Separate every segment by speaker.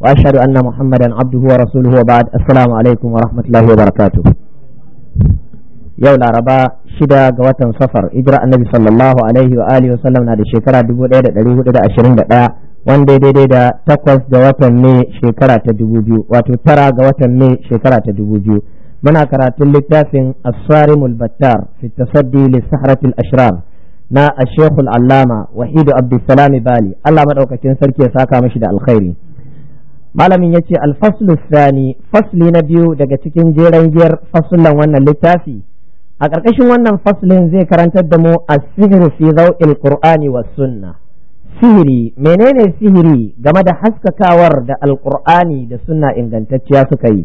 Speaker 1: وأشهد أن محمدا عبده ورسوله وبعد السلام عليكم ورحمة الله وبركاته yau laraba shida ga watan safar ijira annabi sallallahu alaihi wa alihi wasallam na da shekara 1421 wanda daidai da takwas ga watan mai shekara ta dubu biyu wato tara ga watan mai shekara ta dubu biyu. muna karatun littafin as-sarimul battar fi tasaddi li sahratil ashrar na ash-shaykh al-allama wahidu abdussalam bali Allah madaukakin sarki ya saka mishi da alkhairi malamin ya ce alfaslu thani fasli na biyu daga cikin jeren giyar fasulan wannan littafi a ƙarƙashin wannan faslin zai karantar da mu a sihiri fi daw'il qur'ani wa sunnah sihiri menene sihiri game da haskakawar da alkur'ani da sunna ingantacciya suka yi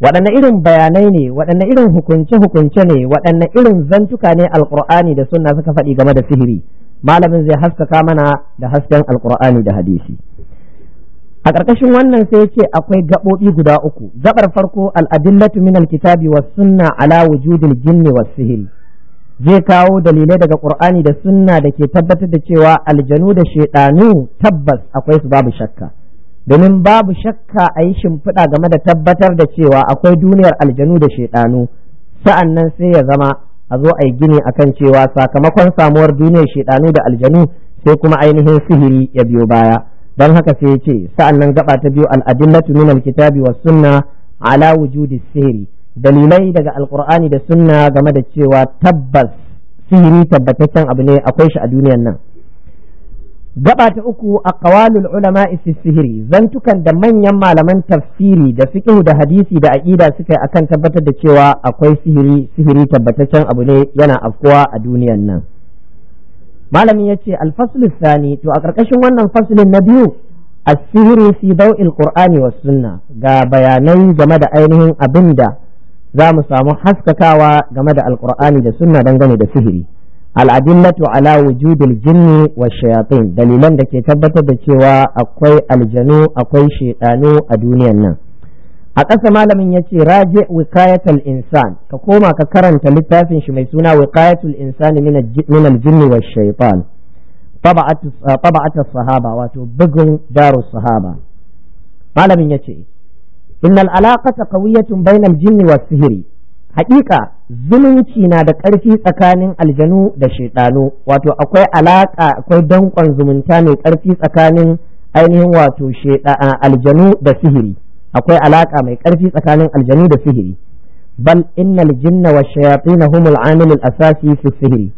Speaker 1: waɗanne irin bayanai ne waɗanne irin hukunce-hukunce ne waɗanne irin zantuka ne alkur'ani da sunna suka faɗi game da sihiri malamin zai haskaka mana da hasken alkur'ani da hadisi a ƙarƙashin wannan sai ce akwai gaɓoɓi guda uku gaɓar farko al'adillatu min alkitabi wa sunna ala wujudil jinni wa sihiri zai kawo dalilai daga ƙur'ani da sunna da ke tabbatar da cewa aljanu da shaidanu tabbas akwai su babu shakka domin babu shakka a yi shimfiɗa game da tabbatar da cewa akwai duniyar aljanu da shaiɗanu, sa'an nan sai ya zama a zo a yi gini a kan cewa sakamakon samuwar duniyar shaidanu da aljanu sai kuma ainihin sihiri ya biyo baya don haka sai ya ce sa'annan gaba ta biyu al'adillatu min alkitabi was sunna ala wujudi sihiri dalilai daga alkur'ani da sunna game da cewa tabbas sihiri tabbataccen abu ne akwai shi a duniyar nan gaba ta uku a kawalul ulama isi sihiri zantukan da manyan malaman tafsiri da fiqh da hadisi da aƙida suka yi akan tabbatar da cewa akwai sihiri sihiri tabbataccen abu ne yana afkuwa a duniyar nan malamin ya ce alfaslus sani to a ƙarƙashin wannan faslin na biyu sihiri fi dau'il qur'ani wa sunna ga bayanai game da ainihin abin da za mu samu haskakawa game da alqur'ani da sunna dangane da sihiri al'adillatu ala wujudil jinni wa shayatin dalilan da ke tabbatar da cewa akwai aljanu akwai shaidanu a duniyan nan a ƙasa malamin ya ce raje wiqayatul insan ka koma ka karanta littafin shi mai suna wiqayatul insan min al-jinni shaytan ah, sahaba wato bugun daru sahaba malamin ya ce innal alaqata qawiyatun bainal jinni was sihiri haƙiƙa zumunci na da ƙarfi tsakanin aljanu da shaiɗanu wato akwai alaƙa akwai danƙon zumunta mai ƙarfi tsakanin ainihin wato ah, aljanu da sihiri akwai alaka mai ƙarfi tsakanin aljanu da sihiri bal innal jinna wa shayatin humul amil al asasi fi sihiri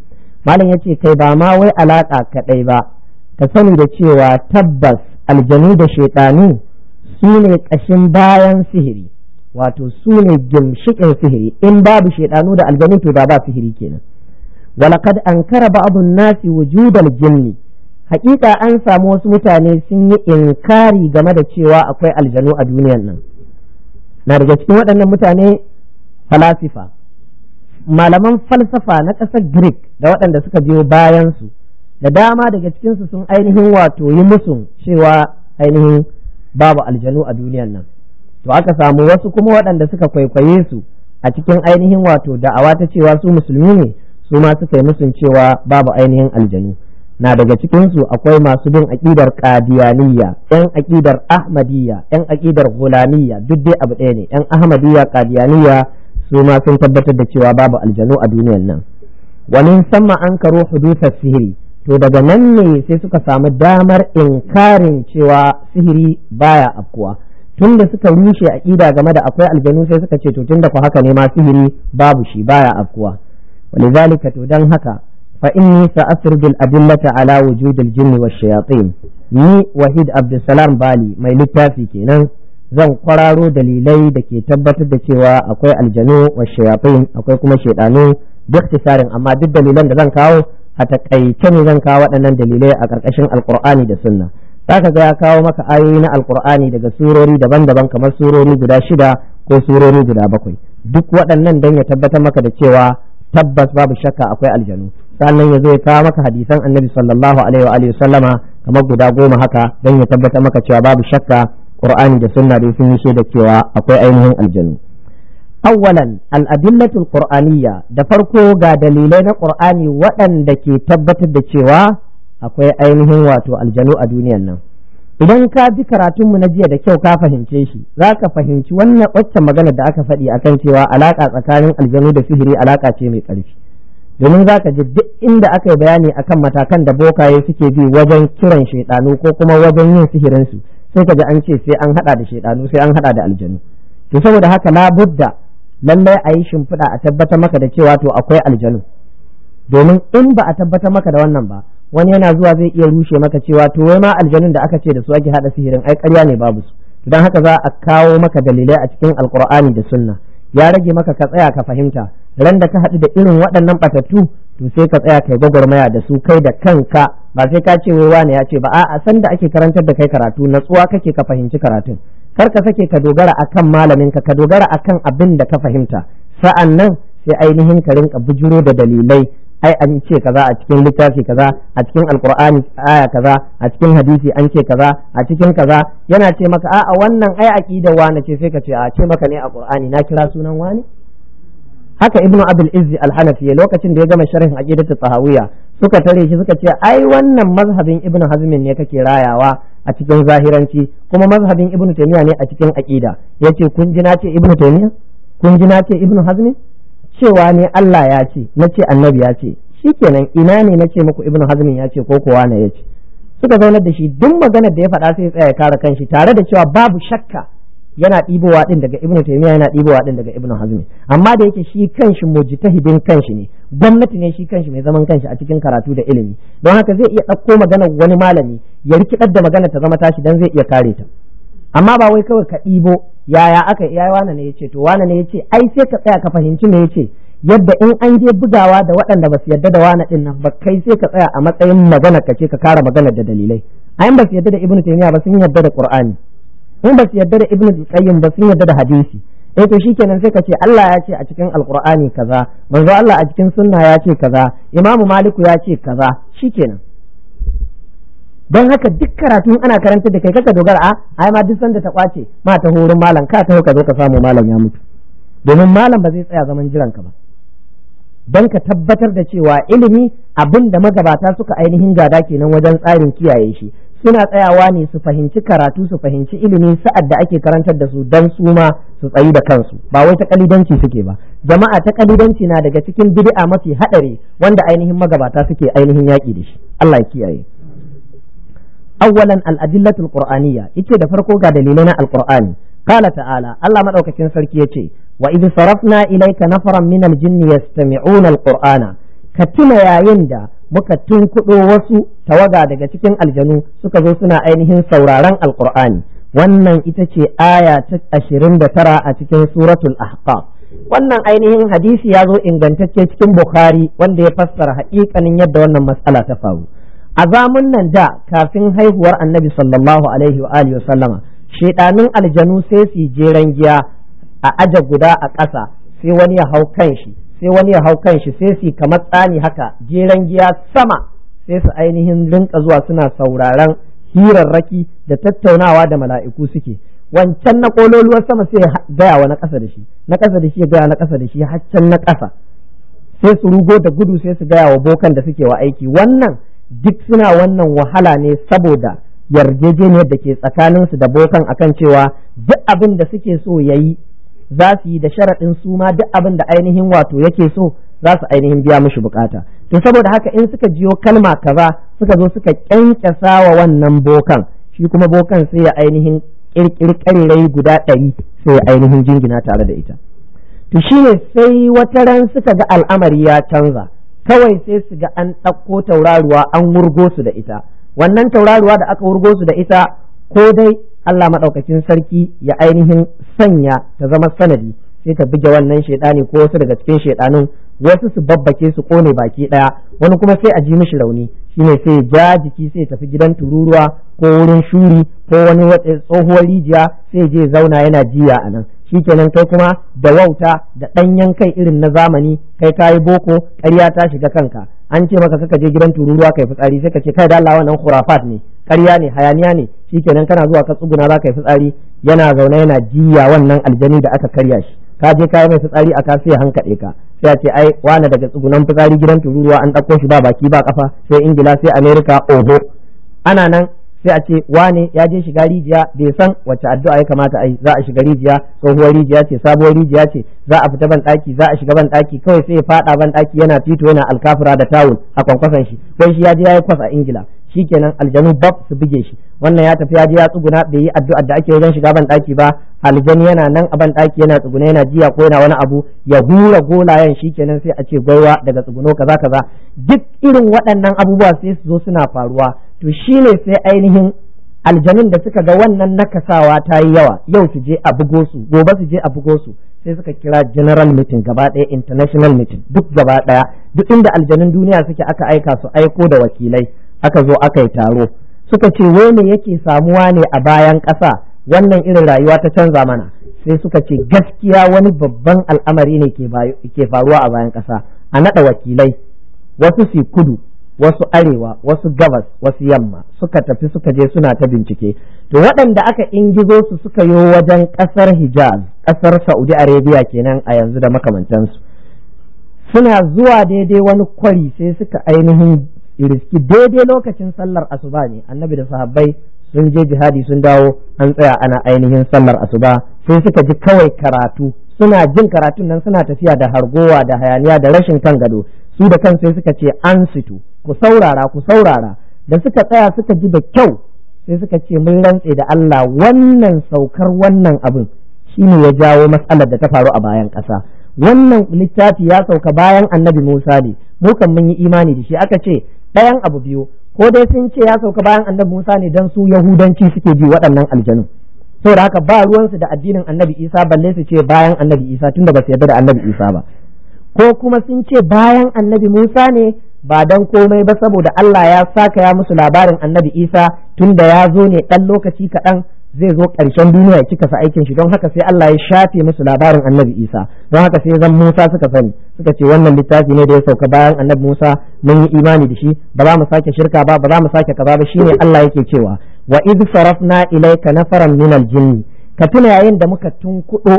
Speaker 1: malam yace kai ba ma wai alaka kadai ba ka sani da cewa tabbas aljanu da shaytanu sune kashin bayan sihiri wato sune ginshiƙin gimshikin sihiri in babu shaytanu da aljanu to ba ba sihiri kenan ولقد أنكر بعض nasi وجود jinni haƙiƙa an samu wasu mutane sun yi inkari game da cewa akwai aljanu a duniyan nan na daga cikin waɗannan mutane falasifa malaman falsafa na ƙasar greek da waɗanda suka biyo bayansu da dama daga cikinsu sun ainihin wato yi musun cewa ainihin babu aljanu a duniyan nan to aka samu wasu kuma waɗanda suka kwaikwaye su a cikin ainihin wato da'awa ta cewa su musulmi ne su ma suka yi musun cewa babu ainihin aljanu na daga cikinsu akwai masu bin aƙidar ƙadiyaniya yan aƙidar ahmadiyya yan aƙidar hulaniya duk dai abu ɗaya ne yan ahmadiyya ƙadiyaniya su ma sun tabbatar da cewa babu aljanu a duniyar nan wani sama an karo hudusar sihiri to daga nan ne sai suka samu damar inkarin cewa sihiri baya afkuwa tun da suka rushe aƙida game da akwai aljanu sai suka ce to tun da ku haka ne ma sihiri babu shi baya afkuwa wani zalika to don haka فإني سأسرد الأدلة على وجود الجن والشياطين ni wahid abdulsalam bali mai littafi kenan zan kwararo dalilai da ke tabbatar da cewa akwai aljanu wa shayatin akwai kuma shaidanu duk tisarin amma duk dalilan da zan kawo a takaice ne zan kawo waɗannan dalilai a ƙarƙashin alƙur'ani da sunna zaka ga ya kawo maka ayoyi na alƙur'ani daga surori daban-daban kamar surori guda shida ko surori guda bakwai duk waɗannan don ya tabbatar maka da cewa tabbas babu shakka akwai aljanu sannan ya zo ya kawo maka hadisan annabi sallallahu alaihi wa alihi sallama kamar guda goma haka don ya tabbatar maka cewa babu shakka qur'ani da sunna da sun yi da cewa akwai ainihin aljannu awwalan al-adillatu quraniyya da farko ga dalilai na qur'ani waɗanda ke tabbatar da cewa akwai ainihin wato aljanu a duniyar nan idan ka ji mu na jiya da kyau ka fahimce shi za ka fahimci wannan waccan magana da aka faɗi akan cewa alaƙa tsakanin aljanu da sihiri alaƙa ce mai ƙarfi domin za ka ji duk inda aka yi bayani akan matakan da bokaye suke bi wajen kiran shaidanu ko kuma wajen yin sihirinsu sai ka ji an ce sai an hada da shaidanu sai an hada da aljanu to saboda haka labudda lallai a yi shimfiɗa a tabbatar maka da cewa to akwai aljanu domin in ba a tabbatar maka da wannan ba wani yana zuwa zai iya rushe maka cewa to wai ma aljanun da aka ce da su ake hada sihirin ai ƙarya ne babu su don haka za a kawo maka dalilai a cikin alkur'ani da sunna ya rage maka ka tsaya ka fahimta ran da ka haɗu da irin waɗannan ɓatattu to sai ka tsaya kai gwagwarmaya da su kai da kanka ba sai ka ce wai wani ya ce ba a san da ake karantar da kai karatu natsuwa kake ka fahimci karatun kar ka sake ka dogara akan malamin ka ka dogara akan abin da ka fahimta sa'an nan sai ainihin ka rinka bujuro da dalilai ai an ce kaza a cikin littafi kaza a cikin alkur'ani aya kaza a cikin hadisi an ce kaza a cikin kaza yana ce maka a'a wannan ai aqida wani ce sai ka ce a ce maka ne a qur'ani na kira sunan wani haka ibnu abul izzi al-hanafi lokacin da ya gama sharhin aqidatu tahawiyya suka tare shi suka ce ai wannan mazhabin ibnu hazmin ne kake rayawa a cikin zahiranci kuma mazhabin ibnu taymiya ne a cikin aqida yace kun ji na ce ibnu taymiya kun ji na ce ibnu hazmin cewa ne Allah ya ce na ce annabi ya ce shikenan ina ne na ce muku ibnu hazmin ya ce ko kowa ne ya ce suka zaunar da shi duk maganar da ya faɗa sai ya tsaya kare kanshi tare da cewa babu shakka yana ɗibowa ɗin daga ibnu taimiyya yana ɗibowa ɗin daga ibnu hazmi amma da yake shi kanshi mujtahidin kanshi ne gwamnati ne shi kanshi mai zaman kanshi a cikin karatu da ilimi don haka zai iya ɗauko magana wani malami ya rikidar da magana ta zama tashi dan zai iya kare ta amma ba wai kawai ka ɗibo yaya aka iya wane ne yace to wane ne yace ai sai ka tsaya ka fahimci me yace yadda in an je bugawa da waɗanda ba su yarda da wane ɗin nan ba kai sai ka tsaya a matsayin magana ka ce ka kara magana da dalilai ayin ba su yarda da ibnu taimiyya ba sun yarda da qur'ani in ba su yarda da ibnu qayyim ba sun yarda da hadisi eh to shikenan sai ka ce Allah ya ce a cikin alqur'ani kaza manzo Allah a cikin sunna ya ce kaza imamu maliku ya ce kaza shikenan don haka duk karatun ana karanta da kai kaka dogara a ah, ai ma duk sanda ta kwace ma ta horin malam ka ta ka zo ka samu malam ya mutu domin malam ba zai tsaya zaman jiran ka ba don ka tabbatar da cewa ilimi abin da magabata suka ainihin gada kenan wajen tsarin kiyaye shi suna tsayawa ne su fahimci karatu su fahimci ilimi sa'ad da ake karantar da su dan su ma su tsayi da kansu ba wai ta kalidanci suke ba jama'a ta kalidanci na daga cikin bid'a mafi hadari wanda ainihin magabata suke ainihin yaki da shi Allah ya kiyaye awwalan al-adillatul qur'aniyya ita da farko ga dalilai na al-qur'ani qala ta'ala Allah madaukakin sarki yace wa idh sarafna ilayka nafaran min al-jinni yastami'una al-qur'ana ka tuna yayin da muka tunkuɗo wasu tawaga daga cikin aljanu suka zo suna ainihin sauraron alkur'ani wannan ita ce aya ta ashirin da tara a cikin suratul ahqaf wannan ainihin hadisi ya zo ingantacce cikin bukhari wanda ya fassara haƙiƙanin yadda wannan matsala ta faru a zamun nan da kafin haihuwar annabi sallallahu alaihi wa alihi sallama shedanin aljanu sai su jeran giya a aja guda a ƙasa sai wani ya hau kan shi sai wani ya hau kan shi sai su kamar tsani haka jeran giya sama sai su ainihin rinka zuwa suna sauraron hirarraki da tattaunawa da mala'iku suke wancan na kololuwar sama sai ya gaya wa na ƙasa da shi na ƙasa da shi ya gaya na ƙasa da shi haccan na ƙasa sai su rugo da gudu sai su gaya wa bokan da suke wa aiki wannan duk suna wannan wahala ne saboda yarjejeniyar da ke tsakaninsu da bokan akan cewa duk abin da suke so ya yi za su yi da sharaɗin su ma duk abin da ainihin wato yake so za su ainihin biya mishi bukata to saboda haka in suka jiyo kalma kaza suka zo suka kyankyasa wa wannan bokan shi kuma bokan sai ya ainihin kirkiri karirai guda ɗari sai ya ainihin jingina tare da ita to shine sai wata ran suka ga al'amari ya canza kawai sai su ga an ɗauko tauraruwa an wurgo su da ita wannan tauraruwa da aka wurgo su da ita ko dai Allah maɗaukacin sarki ya ainihin sanya ta zama sanadi sai ta buge wannan shaidani ko wasu daga cikin shaidanun wasu su babbake su kone baki ɗaya wani kuma sai a ji mishi rauni shine sai ja jiki sai tafi gidan tururuwa ko wurin shuri ko wani wata tsohuwar rijiya sai je zauna yana jiya a nan kenan kai kuma da wauta da ɗanyen kai irin na zamani kai kayi boko ƙarya ta shiga kanka an ce maka kaka je gidan tururuwa kai fitsari sai ka ce kai da Allah wannan khurafat ne ƙarya ne hayaniya ne shi kenan kana zuwa ka tsuguna za ka yi fitsari yana zaune yana jiya wannan aljani da aka karya shi ka je ka yi mai fitsari a kasuwa hankali ka sai a ce ai wane daga tsugunan fitsari gidan tururuwa an ɗauko shi ba baki ba kafa sai ingila sai amerika oho ana nan sai a ce wane ya je shiga rijiya bai san wacce addu'a ya kamata a yi za a shiga rijiya tsohuwar rijiya ce sabuwar rijiya ce za a fita ban ɗaki za a shiga ban ɗaki kawai sai ya fada ban ɗaki yana fito yana alkafura da tawul a kwankwasan shi wai shi ya je yayi kwas a ingila shikenan aljanu bab su buge shi wannan ya tafi ya je ya tsuguna bai yi addu'a da ake wajen shiga ban daki ba aljani yana nan a ban daki yana tsuguna yana jiya ko yana wani abu ya hura golayen shikenan sai a ce gwaiwa daga tsuguno kaza kaza duk irin waɗannan abubuwa sai su zo suna faruwa to shine sai ainihin aljanun da suka ga wannan nakasawa ta yi yawa yau su je a bugo su gobe su je a bugo su sai suka kira general meeting gaba ɗaya international meeting duk gaba ɗaya duk inda aljanun duniya suke aka aika su aiko da wakilai aka zo aka yi taro suka ce wani yake samuwa ne a bayan ƙasa wannan irin rayuwa ta canza mana sai suka ce gaskiya wani babban al'amari ne ke faruwa a bayan ƙasa a naɗa wakilai wasu su kudu wasu arewa wasu gabas wasu yamma suka tafi suka je suna ta bincike to waɗanda aka ingizo su suka yi wajen ƙasar hijaz ƙasar saudi arabia kenan a yanzu da makamantansu suna zuwa daidai wani kwari sai suka ainihin riski daidai lokacin sallar asuba ne annabi da sahabbai sun je jihadi sun dawo an tsaya ana ainihin sallar asuba sun suka ji kawai karatu suna jin karatun nan suna tafiya da hargowa da hayaniya da rashin kan gado su da kan sai suka ce an situ ku saurara ku saurara da suka tsaya suka ji da kyau sai suka ce mun rantse da Allah wannan saukar wannan abin shine ya jawo matsalar da ta faru a bayan ƙasa wannan littafi ya sauka bayan annabi Musa ne mu kan mun yi imani da shi aka ce ɗayan abu biyu ko dai sun ce ya sauka bayan annabi Musa ne dan su yahudanci suke bi waɗannan aljanu saboda haka ba ruwansu da addinin annabi Isa balle su ce bayan annabi Isa tunda ba su yarda da annabi Isa ba ko kuma sun ce bayan annabi Musa ne ba dan komai ba saboda Allah ya saka ya musu labarin annabi Isa tunda ya zo ne ɗan lokaci kaɗan zai zo ƙarshen duniya ya kika sa aikin shi don haka sai Allah ya shafe musu labarin annabi Isa don haka sai zan Musa suka sani suka ce wannan littafi ne da ya sauka bayan annabi Musa mun yi imani da shi ba za mu sake shirka ba ba za mu sake kaza ba shine Allah yake cewa wa idh sarafna ilayka nafaran min al-jinn ka tuna yayin da muka tunkudo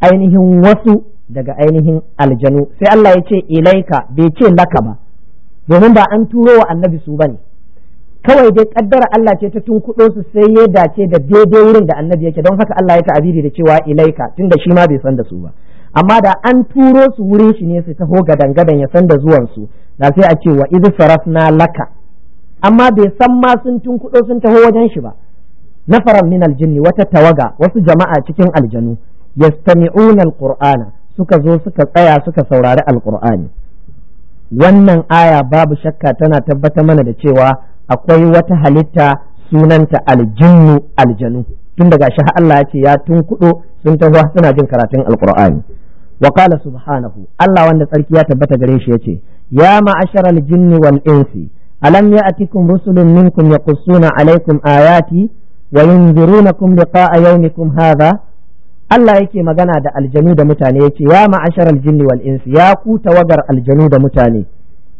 Speaker 1: ainihin wasu daga ainihin aljanu sai Allah ya ce ilaika bai ce laka ba domin ba an turo wa annabi su bane kawai dai kaddara Allah ce ta tunkuɗo su sai ya dace da daidai wurin da annabi yake don haka Allah ya ta'abiri da cewa ilaika tunda shi ma bai san da su ba amma da an turo su wurin shi ne su taho gadan gadan ya san da zuwan su da sai a ce wa idh sarafna laka amma bai san ma sun tunkuɗo sun taho wajen shi ba nafaran min aljinni wata tawaga wasu jama'a cikin aljanu yastami'una alqur'ana suka zo suka tsaya suka saurari alqur'ani wannan aya babu shakka tana tabbata mana da cewa akwai wata halitta sunanta aljinnu aljanu tun daga shi Allah ya ce ya kudo sun taho suna jin karatun alqur'ani wa qala subhanahu Allah wanda tsarki ya tabbata gare shi yace ya ma'ashara aljinni wal insi alam ya'tikum rusulun minkum yaqussuna alaikum ayati wa yunzirunakum liqa'a yawmikum hadha Allah yake magana da aljanu da mutane yace ya ma'ashara aljinni wal insi ya ku tawagar aljanu da mutane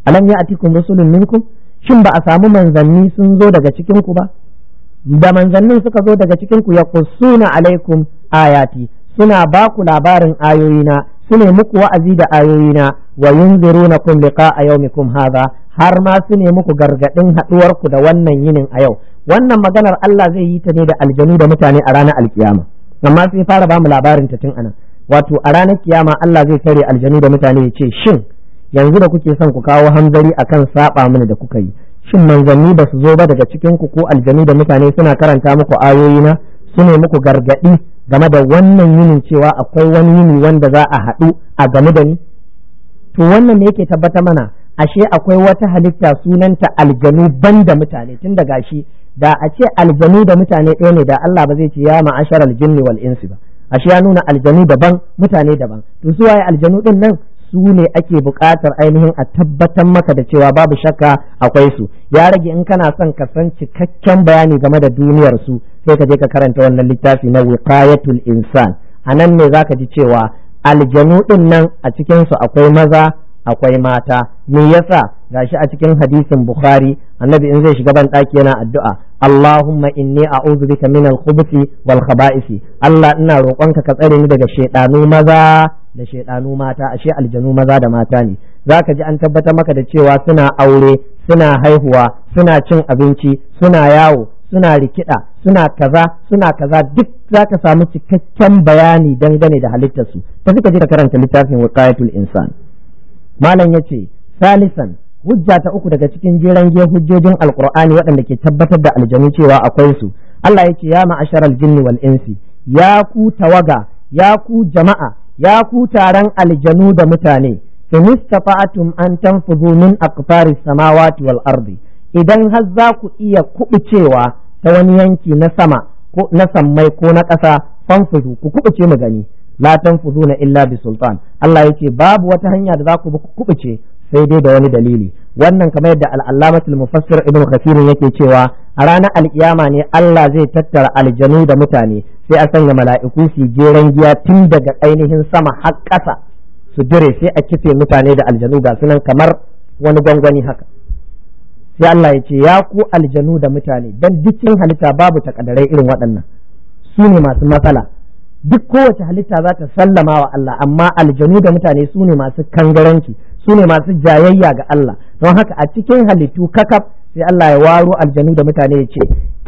Speaker 1: alam ya'tikum rusulun minkum shin ba a samu manzanni sun zo daga cikin ku ba da manzannin suka zo daga cikin ku ya kusuna alaikum ayati suna ba ku labarin ayoyina su ne muku wa'azi da ayoyina wa yunzirunakum a yawmikum hadha har ma su muku gargadin haduwar ku da wannan yinin a yau wannan maganar Allah zai yi ta ne da aljanu da mutane a ranar alkiyama amma sai fara bamu labarin ta tun anan wato a ranar kiyama Allah zai tare aljanu da mutane ya ce shin yanzu da kuke son ku kawo hanzari akan saɓa mini da kuka yi shin manzanni ba su zo ba daga cikin ku ko aljanu da mutane suna karanta muku ayoyi na su ne muku gargadi game da wannan yinin cewa akwai wani yini wanda za a haɗu a game da ni to wannan ne yake tabbata mana ashe akwai wata halitta sunanta aljanu ban da mutane tun da gashi da a ce aljanu da mutane ɗaya ne da Allah ba zai ce ya ma'ashar aljinni wal insi ba ashe ya nuna aljanu daban mutane daban to su waye aljanu din nan su ne ake buƙatar ainihin a tabbatar maka da cewa babu shakka akwai su ya rage in kana son ka san cikakken bayani game da duniyar su sai ka je ka karanta wannan littafi na wiqayatul insan anan ne zaka ji cewa aljanu din nan a cikin su akwai maza akwai mata me yasa gashi a cikin hadisin bukhari annabi in zai shiga ban daki yana addu'a Allahumma inni a'udhu bika min al-khubuthi wal khaba'isi Allah ina roƙonka ka tsare ni daga shedanu maza da shaidanu mata ashe aljanu maza da mata ne za ka ji an tabbatar maka da cewa suna aure suna haihuwa suna cin abinci suna yawo suna rikida suna kaza suna kaza duk za ka samu cikakken bayani dangane da halittarsu ta suka ji ka karanta littafin wiqayatul insan malam ya ce salisan hujja ta uku daga cikin jeran ge hujjojin alqur'ani waɗanda ke tabbatar da aljanu cewa akwai su Allah ya ce ya ma'asharal jinni wal insi ya ku tawaga ya ku jama'a ya ku taron aljanu da mutane inistafa'atum an tanfudu min aqfari samawati wal ardi idan har za ku iya kubucewa ta wani yanki na sama ko na sammai ko na ƙasa fanfudu ku kubuce mu gani la tanfuduna illa bi sultan Allah ce babu wata hanya da za ku kubuce sai dai da wani dalili wannan kamar yadda al'allamatul mufassir ibn kathir yake cewa a ranar alkiyama ne Allah zai tattara aljanu da mutane sai a sanya mala'iku su geran giya tun daga ainihin sama har ƙasa su dire sai a kife mutane da aljanu ga sunan kamar wani gwangwani haka sai Allah ya ce ya ku aljanu da mutane dan dukkan halitta babu takadarai irin waɗannan su ne masu matsala duk kowace halitta za ta sallama wa Allah amma aljanu da mutane su ne masu kangaranci sune masu jayayya ga Allah don haka a cikin halittu kakaf sai Allah ya waro aljanu da mutane ya ce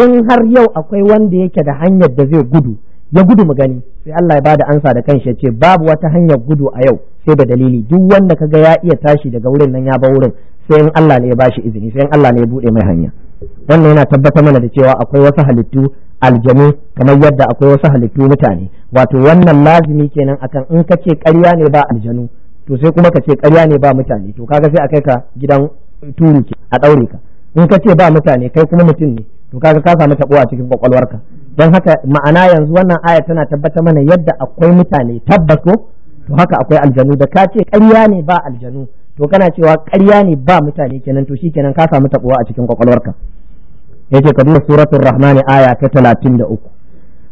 Speaker 1: in har yau akwai wanda yake da hanyar da zai gudu ya gudu mu gani sai Allah ya bada ansa da kanshi ya ce babu wata hanyar gudu a yau sai da dalili duk wanda kaga ya iya tashi daga wurin nan ya ba wurin sai in Allah ne ya bashi izini sai in Allah ne ya bude mai hanya wannan yana tabbatar mana da cewa akwai wasu halittu aljanu kamar yadda akwai wasu halittu mutane wato wannan lazimi kenan akan in kace karya ne ba aljanu to sai kuma ka ce ƙarya ne ba mutane to kaga sai a kai ka gidan turu ke a ɗaure ka in ka ce ba mutane kai kuma mutum ne to kaga ka samu a cikin kwakwalwarka don haka ma'ana yanzu wannan aya tana tabbata mana yadda akwai mutane tabbas ko to haka akwai aljanu da ka ce ƙarya ne ba aljanu to kana cewa karya ne ba mutane kenan to shikenan ka samu taɓuwa a cikin kwakwalwarka yace ka duba suratul rahmani aya ta talatin da uku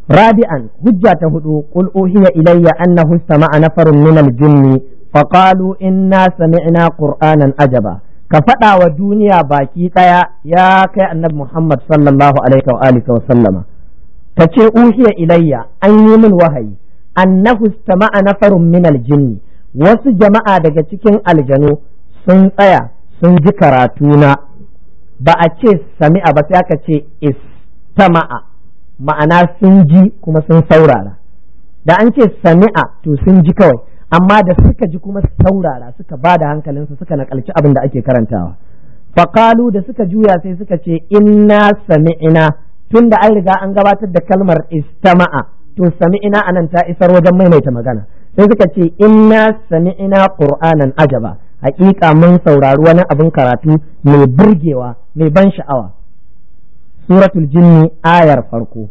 Speaker 1: rabi'an hujja ta hudu أنه استمع ilayya من الجن jinni faƙalu sami sami'na ƙur'anan ajaba ka faɗa wa duniya baki ɗaya ya kai annabi muhammad sallallahu alaihi wa sallama ta ce uhiya ilayya an yi min wahayi annahu istama'a nafarun min aljinni wasu jama'a daga cikin aljanu sun tsaya sun ji karatuna ba a ce sami'a ba sai aka ce istama'a ma'ana sun ji kuma sun saurara da an ce sami'a to sun ji kawai amma da suka ji kuma saurara suka ba da hankalinsu suka naƙalci abin da ake karantawa faƙalu da suka juya sai suka ce inna sami'ina tun da an riga an gabatar da kalmar istama'a to sami'ina nan ta isar wajen maimaita magana sai suka ce inna sami'ina qur'anan ajaba hakika mun saurari wani abin karatu mai burgewa mai ban sha'awa suratul jinni ayar farko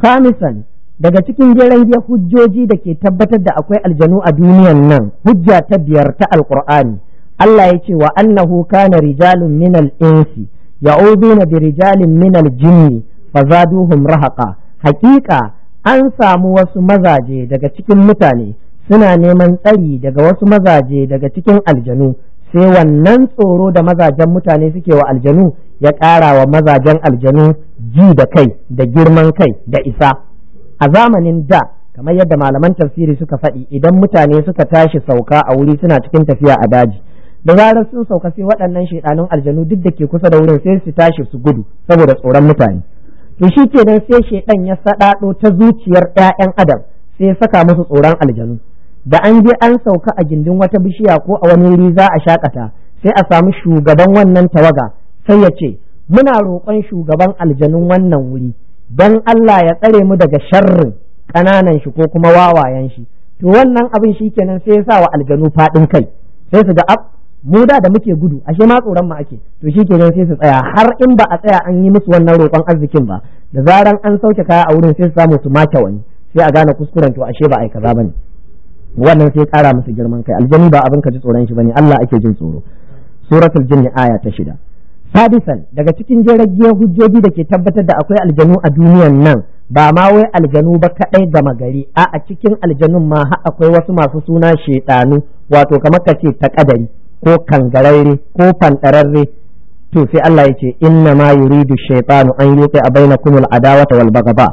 Speaker 1: khamisan daga cikin jeren hujjoji da ke tabbatar da akwai aljanu a duniyan nan hujja ta biyar ta alkur'ani Allah ya ce wa annahu kana rijalun minal insi ya'uduna bi rijalin minal jinni fazaduhum rahaqa haƙiƙa an samu wasu mazaje daga cikin mutane suna neman tsari daga wasu mazaje daga cikin aljanu sai wannan tsoro da mazajen mutane suke wa aljanu ya ƙara wa mazajen aljanu ji da kai da girman kai da isa a zamanin da kamar yadda malaman tafsiri suka faɗi idan mutane suka tashi sauka a wuri suna cikin tafiya a daji da zarar sun sauka sai waɗannan shaidanun aljanu duk da ke kusa da wurin sai su tashi su gudu saboda tsoron mutane to shi ke dan sai shaidan ya saɗaɗo ta zuciyar ƴaƴan adam sai ya saka musu tsoron aljanu da an je an sauka a gindin wata bishiya ko a wani wuri za a shakata sai a samu shugaban wannan tawaga sai ya ce muna roƙon shugaban aljanun wannan wuri don Allah ya tsare mu daga sharrin ƙananan shi ko kuma wawayen shi to wannan abin shi kenan sai ya sa wa aljanu faɗin kai sai su ga ab mu da da muke gudu ashe ma tsoron mu ake to shi kenan sai su tsaya har in ba a tsaya an yi musu wannan roƙon arzikin ba da zaran an sauke kaya a wurin sai su samu su make wani sai a gane kuskuren to ashe ba ai kaza ne. wannan sai ƙara musu girman kai aljanu ba abin ka ji tsoron shi bane Allah ake jin tsoro suratul jinni aya ta shida sadisan daga cikin jirage hujjoji da ke tabbatar da akwai aljanu a duniyan nan ba ma wai aljanu ba kaɗai gama gari a a cikin aljanun ma har akwai wasu masu suna shaiɗanu wato kamar ka ce ta kadari ko kangararre ko fantararre to sai Allah ya ce inna ma yuridu shaytanu an yuqi bainakum al-adawata wal baghaba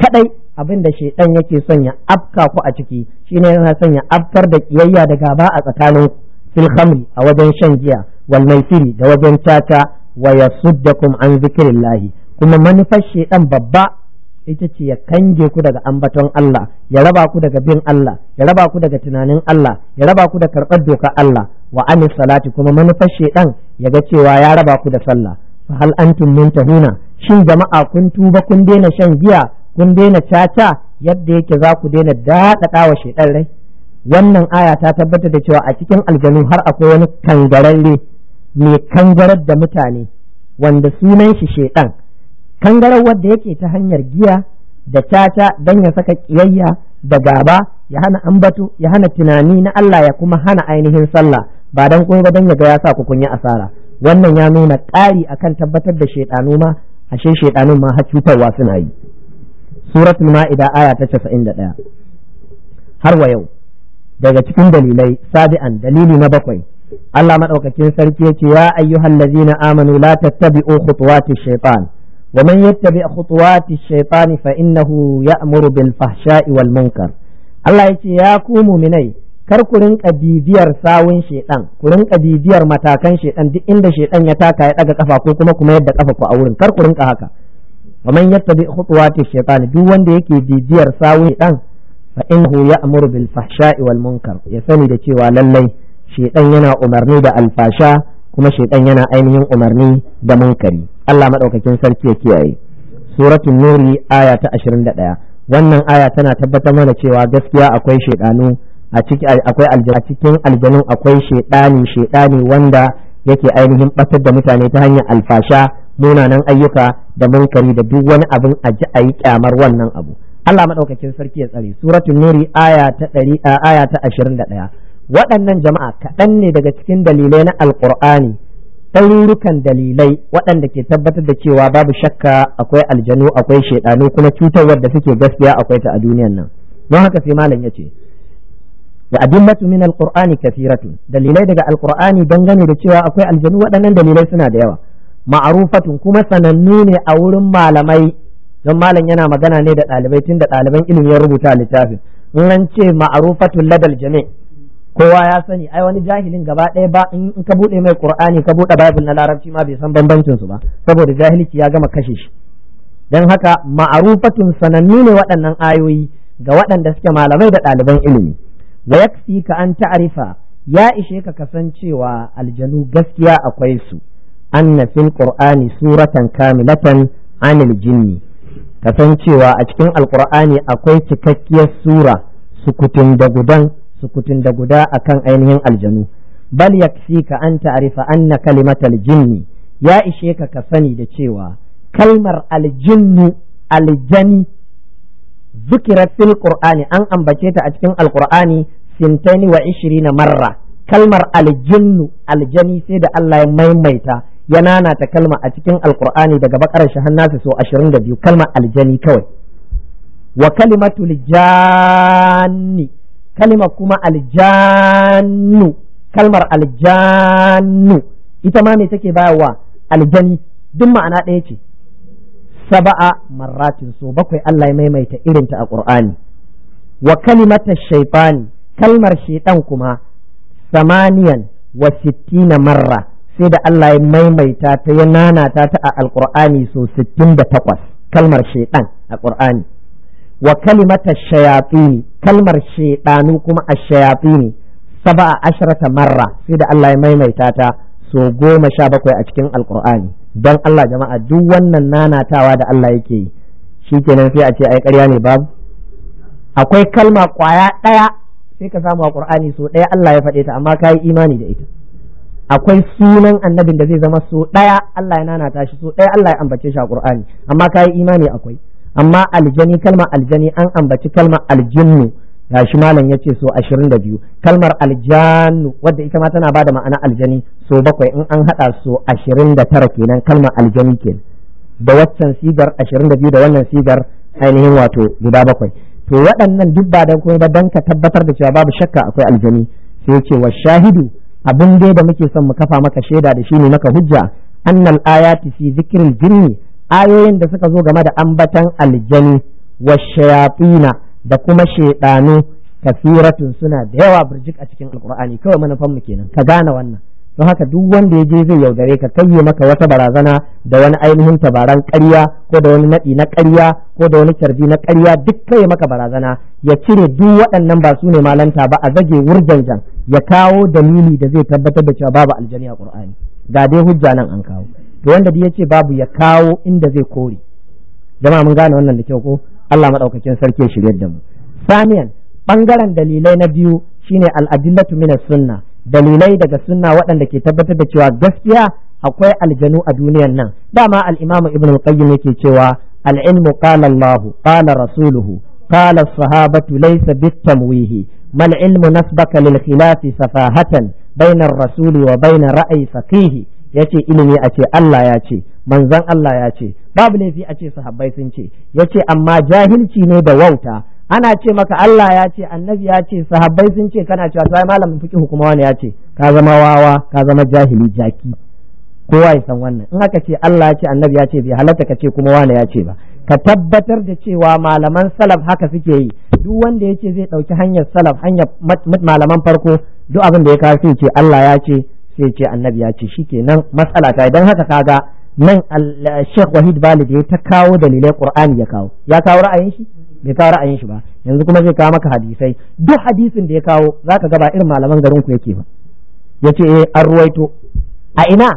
Speaker 1: kadai abin da shaiɗan yake son ya afka ku a ciki shine yana son ya afkar da kiyayya da gaba a tsakanin fil a wajen shan giya wal maitiri da wajen caca wa yasuddakum an zikrillahi kuma manufar shedan babba ita ce ya kange ku daga ambaton Allah ya raba ku daga bin Allah ya raba ku daga tunanin Allah ya raba ku da karɓar dokar Allah wa an salati kuma manufar shedan ya ga cewa ya raba ku da sallah fa hal antum muntahuna shin jama'a kun tuba kun daina shan giya kun daina caca yadda yake za ku daina daɗaɗa wa shedan rai wannan aya ta tabbatar da cewa a cikin aljanu har akwai wani kangararre mai kangarar da mutane wanda sunan shi shaiɗan kangarar wadda yake ta hanyar giya da caca don ya saka ƙiyayya da gaba ya hana ambato ya hana tunani na Allah ya kuma hana ainihin sallah ba don kuma ba dan ya ga ya sa ku kun yi asara wannan ya nuna ƙari akan tabbatar da shaiɗanu ma ashe shaiɗanun ma har cutarwa suna yi suratul ma'ida aya ta 91 har wa yau daga cikin dalilai sabi'an dalili na bakwai Allah maɗaukacin sarki yace ya ayyuhal ladzina amanu la tattabi'u khutuwati shaytan wa man yattabi' khutuwati shaytan fa innahu ya'muru bil fahsha'i wal munkar Allah yace ya ku mu'minai kar ku rinka bibiyar sawun shaiɗan ku rinka bibiyar matakan shaiɗan duk inda shaiɗan ya taka ya daga kafa ko kuma kuma yadda kafa ku a wurin kar ku rinka haka wa man yattabi khutuwati shaitan duk wanda yake bibiyar sawun shaiɗan fa innahu ya'muru bil fahsha'i wal munkar ya sani da cewa lallai shedan yana umarni da alfasha kuma shedan yana ainihin umarni da munkari Allah madaukakin sarki ya kiyaye suratul nuri aya ta 21 wannan aya tana tabbatar mana cewa gaskiya akwai shedanu a cikin akwai aljanu cikin aljanu akwai shedani shedani wanda yake ainihin batar da mutane ta hanyar alfasha munanan ayyuka da munkari da duk wani abin a ji a yi kyamar wannan abu Allah madaukakin sarki ya tsare suratul nuri aya ta 100 aya ta 21 waɗannan jama'a kaɗan ne daga cikin dalilai na alƙur'ani ɗarurukan dalilai waɗanda ke tabbatar da cewa babu shakka akwai aljanu akwai shaidanu kuma cutarwar da suke gaskiya akwai ta a duniyan nan don haka sai malam ya ce wa adillatu min alqur'ani kathiratu dalilai daga alqur'ani dangane da cewa akwai aljanu waɗannan dalilai suna da yawa ma'rufatun kuma sanannu ne a wurin malamai don malam yana magana ne da ɗalibai tun da ɗaliban ilimin ya rubuta littafin in an ce ma'arufatun ladal jami' kowa ya sani ai wani jahilin gaba ɗaya ba in ka buɗe mai qur'ani ka buɗe bible na larabci ma bai san bambancin su ba saboda jahilci ya gama kashe shi dan haka ma'arufatun sanannu ne waɗannan ayoyi ga waɗanda suke malamai da ɗaliban ilimi wa yakfi ka an ta'rifa ya ishe ka kasancewa aljanu gaskiya akwai su anna fil qur'ani suratan kamilatan anil jinni kasancewa a cikin alqur'ani akwai cikakkiyar sura sukutun da gudan sukutun da guda a kan ainihin aljanu bal ka an an anna kalimata jinni ya ishe ka ka sani da cewa kalmar aljinnu aljani zukira fil qur'ani an ambace ta a cikin alkur'ani sintaini wa ishirina marra kalmar aljinnu aljani sai da Allah ya maimaita ya nanata kalma a cikin alqur'ani daga bakarar shahannasu so 22 kalmar aljani kawai wa kalimatul janni kalima kuma aljannu kalmar aljannu ita ma me take bayarwa aljani duk ma'ana ɗaya ce saba'a marratin so bakwai Allah ya maimaita irinta a ƙur'ani wa kalimata shaytani kalmar shaiɗan kuma samaniyan wa sittina marra sai da Allah ya maimaita ta ya nanata ta a alkur'ani so 68 kalmar shaiɗan a ƙur'ani wa kalimata shayatin kalmar shaidanu kuma ash-shayatin saba ta marra sai da Allah ya maimaita ta so goma sha bakwai a cikin alkur'ani don Allah jama'a duk wannan nanatawa da Allah yake yi shi kenan sai a ce ai ƙarya ne babu akwai kalma ƙwaya ɗaya sai ka samu a ƙur'ani so ɗaya Allah ya faɗe ta amma ka yi imani da ita akwai sunan annabin da zai zama so ɗaya Allah ya nanata shi so ɗaya Allah ya ambace shi a ƙur'ani amma ka yi imani akwai amma aljani kalmar aljani an ambaci kalmar aljinnu gashi malam ya ce so ashirin da biyu kalmar aljannu wadda ita ma tana ba da ma'ana aljani so bakwai in an haɗa so ashirin da tara kenan kalmar aljani ke da waccan sigar ashirin da biyu da wannan sigar ainihin wato guda bakwai to waɗannan duk ba dan kuma ba dan ka tabbatar da cewa babu shakka akwai aljani sai ce wa shahidu abin dai da muke son mu kafa maka shaida da shi ne maka hujja annal ayati fi zikril jinni ayoyin da suka zo game da ambatan aljani wa shayatina da kuma shaidanu kafiratun suna da yawa birjik a cikin alkur'ani kawai manufan mu kenan ka gane wannan don haka duk wanda ya je zai yaudare ka kayye maka wata barazana da wani ainihin tabaran ƙarya ko da wani naɗi na ƙarya ko da wani carbi na ƙarya duk kai maka barazana ya cire duk waɗannan ba su ne malanta ba a zage wurjanjan ya kawo dalili da zai tabbatar da cewa babu aljani a ƙur'ani ga dai hujja nan an kawo to wanda ya ce babu ya kawo inda zai kore zama mun gane wannan da kyau ko Allah madaukakin sarki ya da mu saniyan bangaren dalilai na biyu shine al-adillatu min sunna dalilai daga sunna waɗanda ke tabbatar da cewa gaskiya akwai aljanu a duniyan nan dama al-imamu ibnu qayyim yake cewa al-ilmu qala Allah qala rasuluhu qala sahabatu laysa bit-tamwihi mal ilmu nasbaka lil khilafi safahatan bayna ar-rasuli wa bayna ra'yi faqihi yace ilimi a ce Allah ya ce manzan Allah ya ce babu laifi a ce sahabbai sun ce yace amma jahilci ne da wauta ana ce maka Allah ya ce annabi ya ce sahabbai sun ce kana cewa sai malamin fiqh kuma wani ya ce ka zama wawa ka zama jahili jaki kowa ya san wannan in aka ce Allah ya ce annabi ya ce bai halatta ka ce kuma wani ya ce ba ka tabbatar da cewa malaman salaf haka suke yi duk wanda ya ce zai ɗauki hanyar salaf hanyar malaman farko duk abin da ya kawo ce Allah ya ce sai ce annabi ya ce kenan matsala ta idan haka kaga nan Sheikh Wahid Balid ya ta kawo dalilai Qur'ani ya kawo ya kawo ra'ayin shi bai kawo ra'ayin shi ba yanzu kuma zai kawo maka hadisai duk hadisin da ya kawo zaka ga ba irin malaman garin ku yake ba yace eh an ruwaito a ina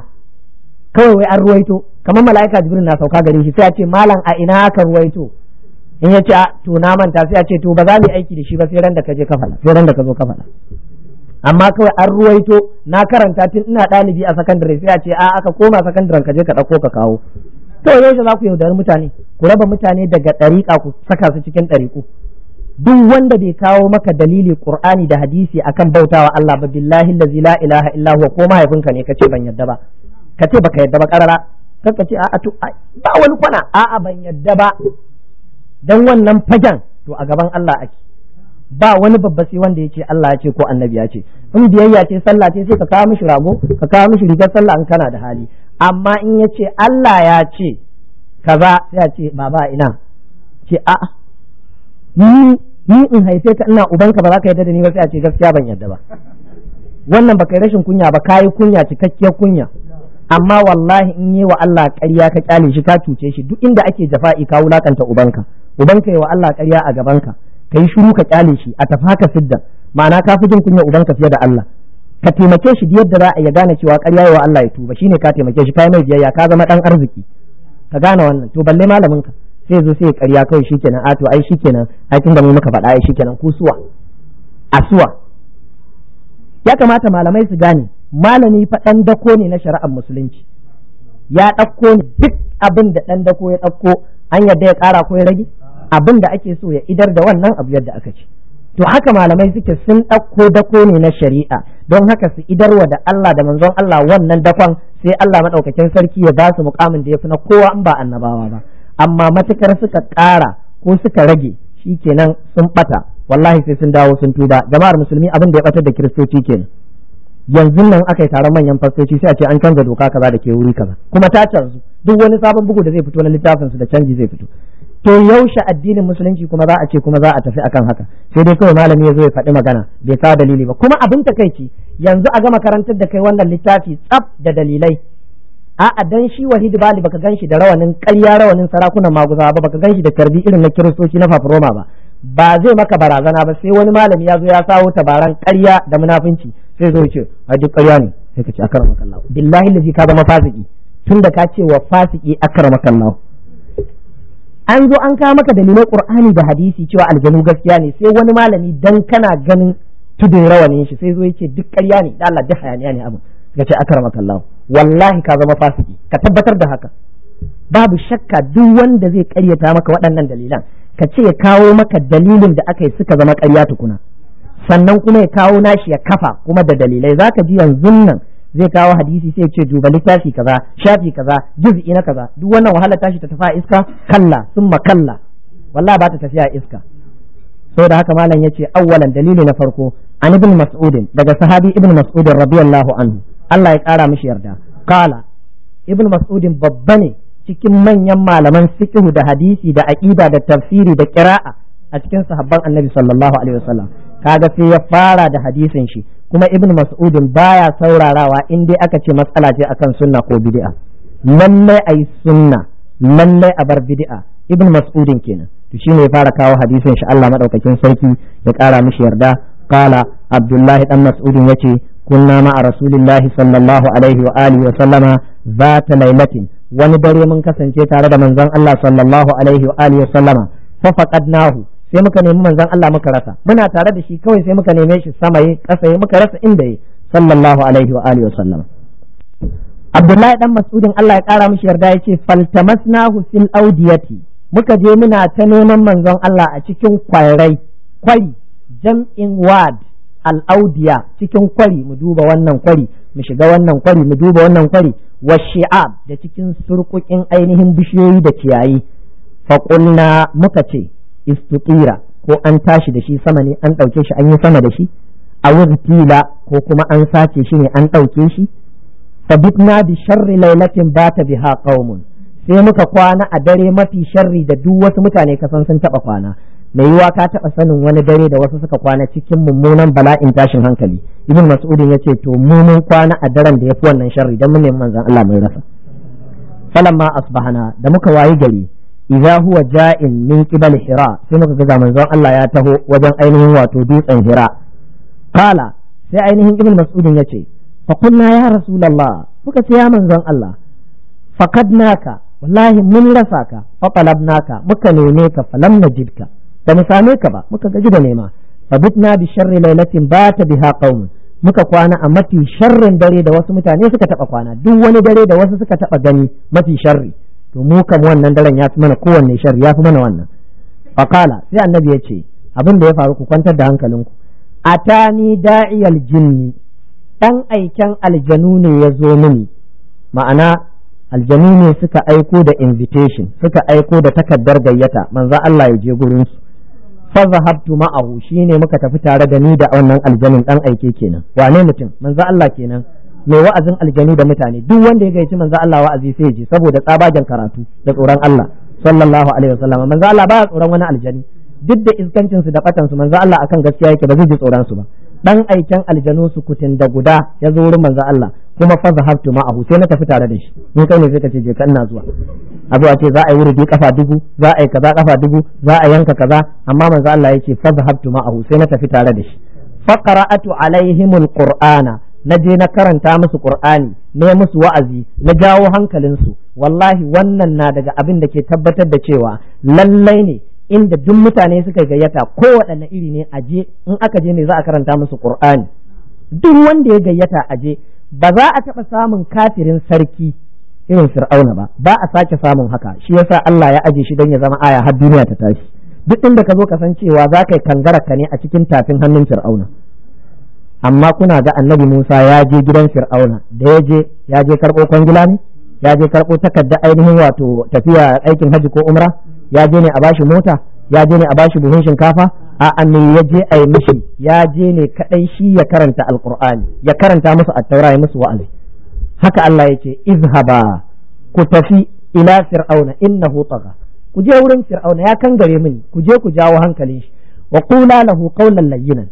Speaker 1: kawai wai an ruwaito kamar mala'ika jibril na sauka gare shi sai a ce malam a ina aka ruwaito in ya ce ah, to na manta sai a ce to ba za mu aiki da shi ba sai ran da ka je ka sai ran da ka zo ka amma kawai an ruwaito na karanta tun ina ɗalibi a sakandare sai a ce a aka koma sakandaren ka je ka ɗauko ka kawo to yaushe za ku yaudari mutane ku raba mutane daga ɗariƙa ku saka su cikin ɗariƙu duk wanda bai kawo maka dalili qur'ani da hadisi akan bautawa Allah ba billahi allazi la ilaha illa huwa ko mahaifinka ne kace ban yadda ba kace baka yadda ba karara kaka ce a'a to ba wani kwana a'a ban yadda ba dan wannan fagen to a gaban Allah ake ba wani babbatsi wanda ya ce Allah ya ce ko annabi ya ce in biyayya ce sallah ce sai ka kawo mishi rago ka kawo mishi rigar sallah in kana da hali amma in ya ce Allah ya ce kaza sai ya ce baba ina ce a ni ni in haife ka ina ubanka ba za ka yarda da ni ba sai a ce gaskiya ban yarda ba wannan ba kai rashin kunya ba kai kunya cikakkiyar kunya amma wallahi in yi wa Allah ƙarya ka kyale shi ka cuce shi duk inda ake jafa'i ka wulakanta ubanka ubanka yi wa Allah ƙarya a gabanka ka yi shiru ka kyale shi a tafaka siddan ma'ana ka fi jin kunya ka fiye da Allah ka taimake shi yadda za a ya gane cewa ƙarya wa Allah ya tuba shine ka taimake shi kai mai biyayya ka zama dan arziki ka gane wannan to balle malamin ka sai zo sai ƙarya kawai shikenan a to ai shikenan ai da mu muka faɗa ai shikenan ku suwa asuwa ya kamata malamai su gane malami fa dan dako ne na shari'ar musulunci ya ɗauko ne duk abin da ɗan dako ya ɗauko an yadda ya kara ko ya rage abin da ake so ya idar da wannan abu yadda aka ce to haka malamai suke sun ɗauko dako ne na shari'a don haka su idarwa da Allah da manzon Allah wannan dakon sai Allah maɗaukakin sarki ya ba su mukamin da ya fi na kowa in ba annabawa ba amma matukar suka ƙara ko suka rage shi kenan sun ɓata wallahi sai sun dawo sun tuba jama'ar musulmi abin da ya ɓatar da kiristoci kenan yanzu nan aka yi taron manyan fastoci sai a ce an canza doka kaza da ke wuri kaza kuma ta canzu duk wani sabon bugu da zai fito na littafin su da canji zai fito to yaushe addinin musulunci kuma za a ce kuma za a tafi akan haka sai dai kawai malami ya zo ya faɗi magana bai kawo dalili ba kuma abin takaici yanzu a gama karantar da kai wannan littafi tsaf da dalilai a'a dan shi wahidi bali baka shi da rawanin ƙarya rawanin sarakunan maguzawa ba baka shi da karbi irin na kiristoci na fafroma ba ba zai maka barazana ba sai wani malami ya zo ya sawo tabaran ƙarya da munafunci sai zo ce a duk ƙarya ne sai ka ce akramaka Allah billahi lazi ka zama fasiki tun da ka ce wa fasiki akara an zo an kawo maka dalilan qur'ani da hadisi cewa aljanu gaskiya ne sai wani malami dan kana ganin tudun rawanin shi sai zo yace duk ƙarya ne da Allah duk hayaniya ne abu ga ce akramaka Allah wallahi ka zama fasiki ka tabbatar da haka babu shakka duk wanda zai ƙaryata maka waɗannan dalilan ka ce ya kawo maka dalilin da aka yi suka zama ƙarya tukuna sannan kuma ya kawo nashi ya kafa kuma da dalilai zaka ji yanzu nan zai kawo hadisi sai ce duba littafi kaza shafi kaza juz'i na kaza duk wannan wahala tashi ta tafi a iska kalla summa kalla wallahi ba ta tafi a iska saboda haka malam yace awwalan dalili na farko an ibn mas'ud daga sahabi ibn mas'ud radiyallahu anhu Allah ya kara mishi yarda kala ibn mas'ud babba ne cikin manyan malaman fiqh da hadisi da aqida da tafsiri da qira'a a cikin sahabban annabi sallallahu alaihi wasallam kaga sai ya fara da hadisin shi kuma ibn mas'udin baya saurarawa in dai aka ce matsala ce akan sunna ko bid'a lallai ayi sunna lallai a bar bid'a ibn mas'udin kenan to shine ya fara kawo hadisin shi Allah madaukakin sarki ya kara mishi yarda qala abdullahi dan mas'udin yace kunna ma rasulillahi sallallahu alaihi wa alihi wa sallama zata lailatin wani dare mun kasance tare da manzon Allah sallallahu alaihi wa alihi wa sallama fa faqadnahu sai muka nemi manzon Allah muka rasa muna tare da shi kawai sai muka neme shi sama yi ƙasa yi muka rasa inda yi sallallahu alaihi wa alihi wasallam Abdullahi dan Mas'udin Allah ya kara mishi yarda yace faltamasnahu fil audiyati muka je muna ta neman manzon Allah a cikin kwarai kwari jam'in wad al'audiya cikin kwari mu duba wannan kwari mu shiga wannan kwari mu duba wannan kwari wa shi'ab da cikin surkukin ainihin bishiyoyi da ciyayi faƙulna muka ce istutira ko an tashi da shi sama ne an ɗauke shi an yi sama da shi a tila ko kuma an sace shi ne an ɗauke shi fabitna bi sharri lailatin bata biha qaumun sai muka kwana a dare mafi sharri da duk wasu mutane kasan sun taba kwana mai yiwa ka taɓa sanin wani dare da wasu suka kwana cikin mummunan bala'in tashin hankali ibn mas'udin ya ce to mu mun kwana a daren da yafi wannan sharri dan mun ne manzon Allah mai rasa falamma asbahana da muka wayi gari idza huwa ja'in min qibal hira sai muka ga manzon Allah ya taho wajen ainihin wato dutsen hira qala sai ainihin ibn mas'ud ya ce. qulna ya rasu rasulullah muka ce ya manzon Allah naka wallahi mun rasa ka fa naka muka neme ka falam najidka ba mu same ka ba muka gaji da nema fa bitna bi sharri lailatin bata biha qaumun muka kwana a mafi sharrin dare da wasu mutane suka taba kwana duk wani dare da wasu suka taba gani mafi sharri to mu kam wannan daren ya fi mana kowanne shar ya fi mana wannan fakala sai annabi ya ce abin da ya faru ku kwantar da hankalinku A ta ni da'iyal jinni ɗan aiken aljanu ne ya zo mini ma'ana aljanu ne suka aiko da invitation suka aiko da takardar gayyata manzo Allah ya je gurinsu. su fa zahabtu ma'ahu shine muka tafi tare da ni da wannan aljanin ɗan aike kenan wane mutum manzo Allah kenan mai wa'azin aljanu da mutane duk wanda ya gaici manzo Allah wa'azi sai ji saboda tsabagen karatu da tsoron Allah sallallahu alaihi wasallam manzo Allah baya tsoron wani aljani duk da iskancin su da batan su manzo Allah akan gaskiya yake ba zai ji tsoron su ba dan aiken aljanu su kutin da guda ya zo wurin manzo Allah kuma fa zahabtu ma'ahu sai na tafi tare da shi ni kai ne sai ka ce je kan na zuwa a ce za a yi wurdi kafa dubu za a yi kaza kafa dubu za a yanka kaza amma manzo Allah yake fa zahabtu ma'ahu sai na tafi tare da shi fa qara'atu alaihimul qur'ana na je na karanta musu qur'ani na musu wa'azi na jawo hankalinsu wallahi wannan na daga abin da ke tabbatar da cewa lallai ne inda duk mutane suka gayyata ko kowaɗanne iri ne a je in aka je ne za a karanta musu qur'ani duk wanda ya gayyata a je ba za a taɓa samun kafirin sarki irin fir'auna ba ba a sake samun haka shi yasa Allah ya aje shi don ya zama aya har duniya ta tashi duk inda ka zo ka san cewa za ka yi kangara ka ne a cikin tafin hannun fir'auna amma kuna ga annabi Musa ya je gidan Fir'auna da ya je ya je karɓo kwangila ne ya je karɓo takarda ainihin wato tafiya aikin hajji ko umra ya je ne a bashi mota ya je ne a bashi buhun shinkafa a anni ya je a yi mishi ya je ne kaɗai shi ya karanta alkur'ani ya karanta musu at ya musu wa'azi haka Allah ya ce izhaba ku tafi ila fir'auna innahu tagha ku je wurin fir'auna ya kangare mini ku je ku jawo hankalin shi wa qula lahu qawlan layyinan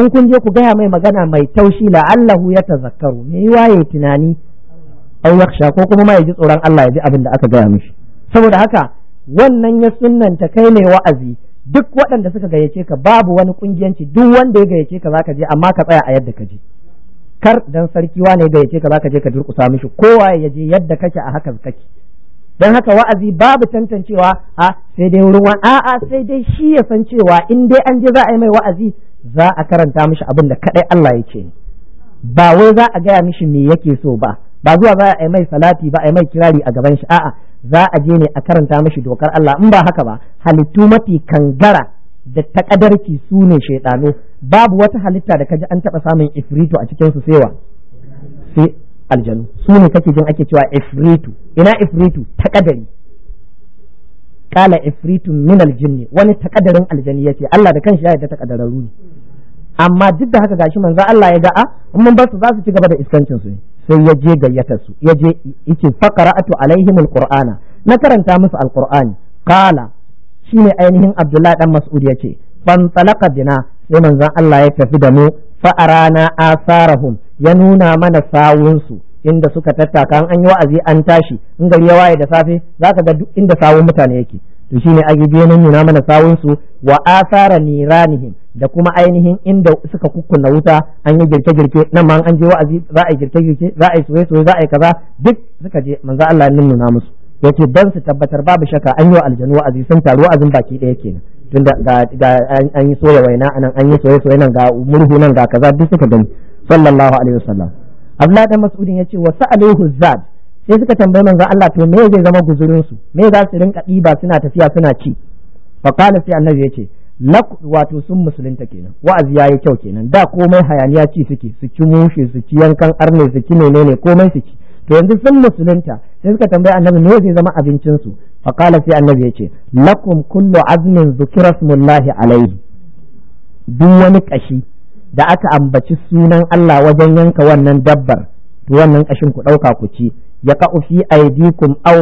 Speaker 1: in kun je ku gaya mai magana mai taushi la allahu ya tazakkaru me yiwa ya tunani aw yakhsha ko kuma ma ya ji tsoron Allah ya ji abin da aka gaya mishi saboda haka wannan ya sunnanta kai ne wa'azi duk waɗanda suka gayyace ka babu wani kungiyanci duk wanda ya gayyace ka zaka je amma ka tsaya a yadda ka je kar dan sarki wane gayyace ka zaka je ka durƙusa mishi kowa ya je yadda kake a haka kake don haka wa'azi babu tantancewa a sai dai wurin a'a sai dai shi ya san cewa in dai an je za a yi mai wa'azi za a karanta mishi abin da kaɗai Allah ya ce ba wai za a gaya mishi me yake so ba ba zuwa za a yi mai salati ba a yi mai kirari a gaban shi a'a za a je ne a karanta mishi dokar Allah in ba haka ba halittu mafi kangara da takadarki su ne shaidanu babu wata halitta da kaji an taɓa samun ifritu a cikin su sewa sai aljanu su ne kake jin ake cewa ifritu ina ifritu takadari kala ifritun min aljinn wani takadarin aljani yace Allah da kanshi ya yarda takadararru ruhi amma duk da haka gashi manzo Allah ya ga a ah, mun ba su za su ci gaba da iskancin su sai ya je gayyatar su ya je yake faqara'atu alaihim alqur'ana na karanta musu alqur'ani kala shine ainihin Abdullahi dan Mas'ud yace ban talaka bina sai manzo Allah ya tafi da mu fa arana asarahum ya nuna mana sawunsu inda suka tattaka an yi wa'azi an tashi in gari ya waye da safe zaka ga duk inda sawun mutane yake to shine ake biyo nan nuna mana sawun su wa asara niranihim da kuma ainihin inda suka kukuna wuta an yi girke-girke nan ma an je wa'azi za a yi girke-girke za a yi soye-soye za a yi kaza duk suka je manzo Allah ya nuna musu yace dan su tabbatar babu shakka an yi wa aljanu wa'azi sun taru wa'azin baki daya kenan tunda ga ga an yi soya waina anan an yi soye-soye nan ga murhu nan ga kaza duk suka gani sallallahu alaihi wasallam Abdullahi dan Mas'udin yace wa sa'aluhu zad sai suka tambayi manzo Allah to me zai zama guzurin su me za su rinka ɗiba suna tafiya suna ci fa qala sai annabi yace lak wato sun musulunta kenan wa'azi yayi kyau kenan da komai hayaniya ci suke su ci mushe su ci yankan arne su ci menene komai su ci to yanzu sun musulunta sai suka tambayi annabi me zai zama abincin su fa qala sai annabi yace lakum kullu azmin dhukira smullahi alaihi duk wani kashi da aka ambaci sunan Allah wajen yanka wannan dabbar to wannan kashin ku ɗauka ku ci ya ka fi aidikum aw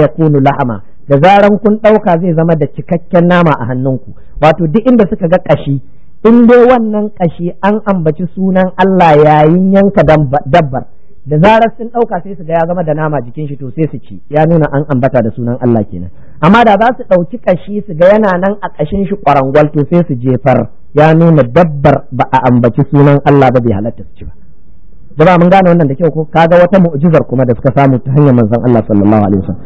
Speaker 1: ya kunu lahama da zaran kun ɗauka zai zama da cikakken nama a hannunku wato duk inda suka ga kashi in dai wannan kashi an ambaci sunan Allah yayin yanka dabbar da zarar sun ɗauka sai su ga ya zama da nama jikin shi to sai su ci ya nuna an ambata da sunan Allah kenan amma da za su ɗauki kashi su ga yana nan a kashin shi kwarangwal to sai su jefar ya nuna dabbar ba a ambaci sunan Allah ba bai halatta su ci ba jama'a mun gane wannan da kyau ko kaga wata mu'jizar kuma da suka samu ta hanyar manzon Allah sallallahu alaihi wasallam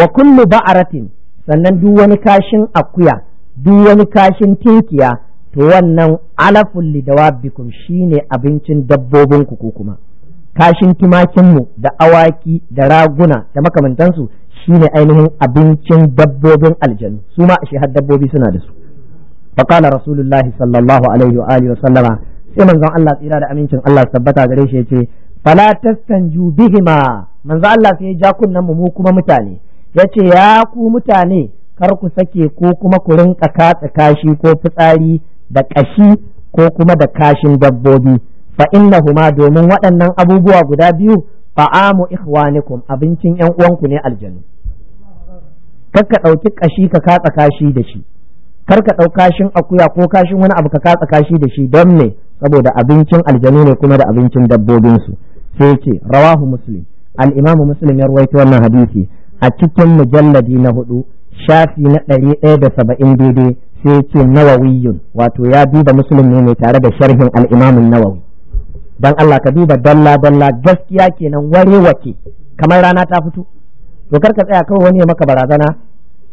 Speaker 1: wa kullu ba'ratin sannan duk wani kashin akuya duk wani kashin tinkiya to wannan alafun dawabikum shine abincin dabbobin ku ko kuma kashin tumakinmu da awaki da raguna da makamantansu shine ainihin abincin dabbobin aljanu su ma shi har dabbobi suna da su فقال رسول الله صلى الله عليه وآله وسلم sai manzon Allah tsira da amincin Allah tabbata gare shi yace fala tastanju bihima manzon Allah sai ya ja kunnan mu kuma mutane yace ya ku mutane kar ku sake ko kuma ku rinka katsa kashi ko fitsari da kashi ko kuma da kashin dabbobi fa innahuma domin waɗannan abubuwa guda biyu fa'amu ikhwanikum abincin yan uwanku ne aljanu kakka ɗauki kashi ka katsa kashi da shi kar ka ɗau kashin akuya ko kashin wani abu ka katsa kashi da shi don me saboda abincin aljanu ne kuma da abincin dabbobinsu sai ce rawahu muslim al-imamu muslim ya ruwaito wannan hadisi a cikin mujalladi na hudu shafi na ɗari ɗaya da saba'in daidai sai ce nawawiyun wato ya duba muslim ne mai tare da sharhin al'imamin nawawi don Allah ka duba dalla dalla gaskiya kenan ware wake kamar rana ta fito to karka tsaya kawai wani ya maka barazana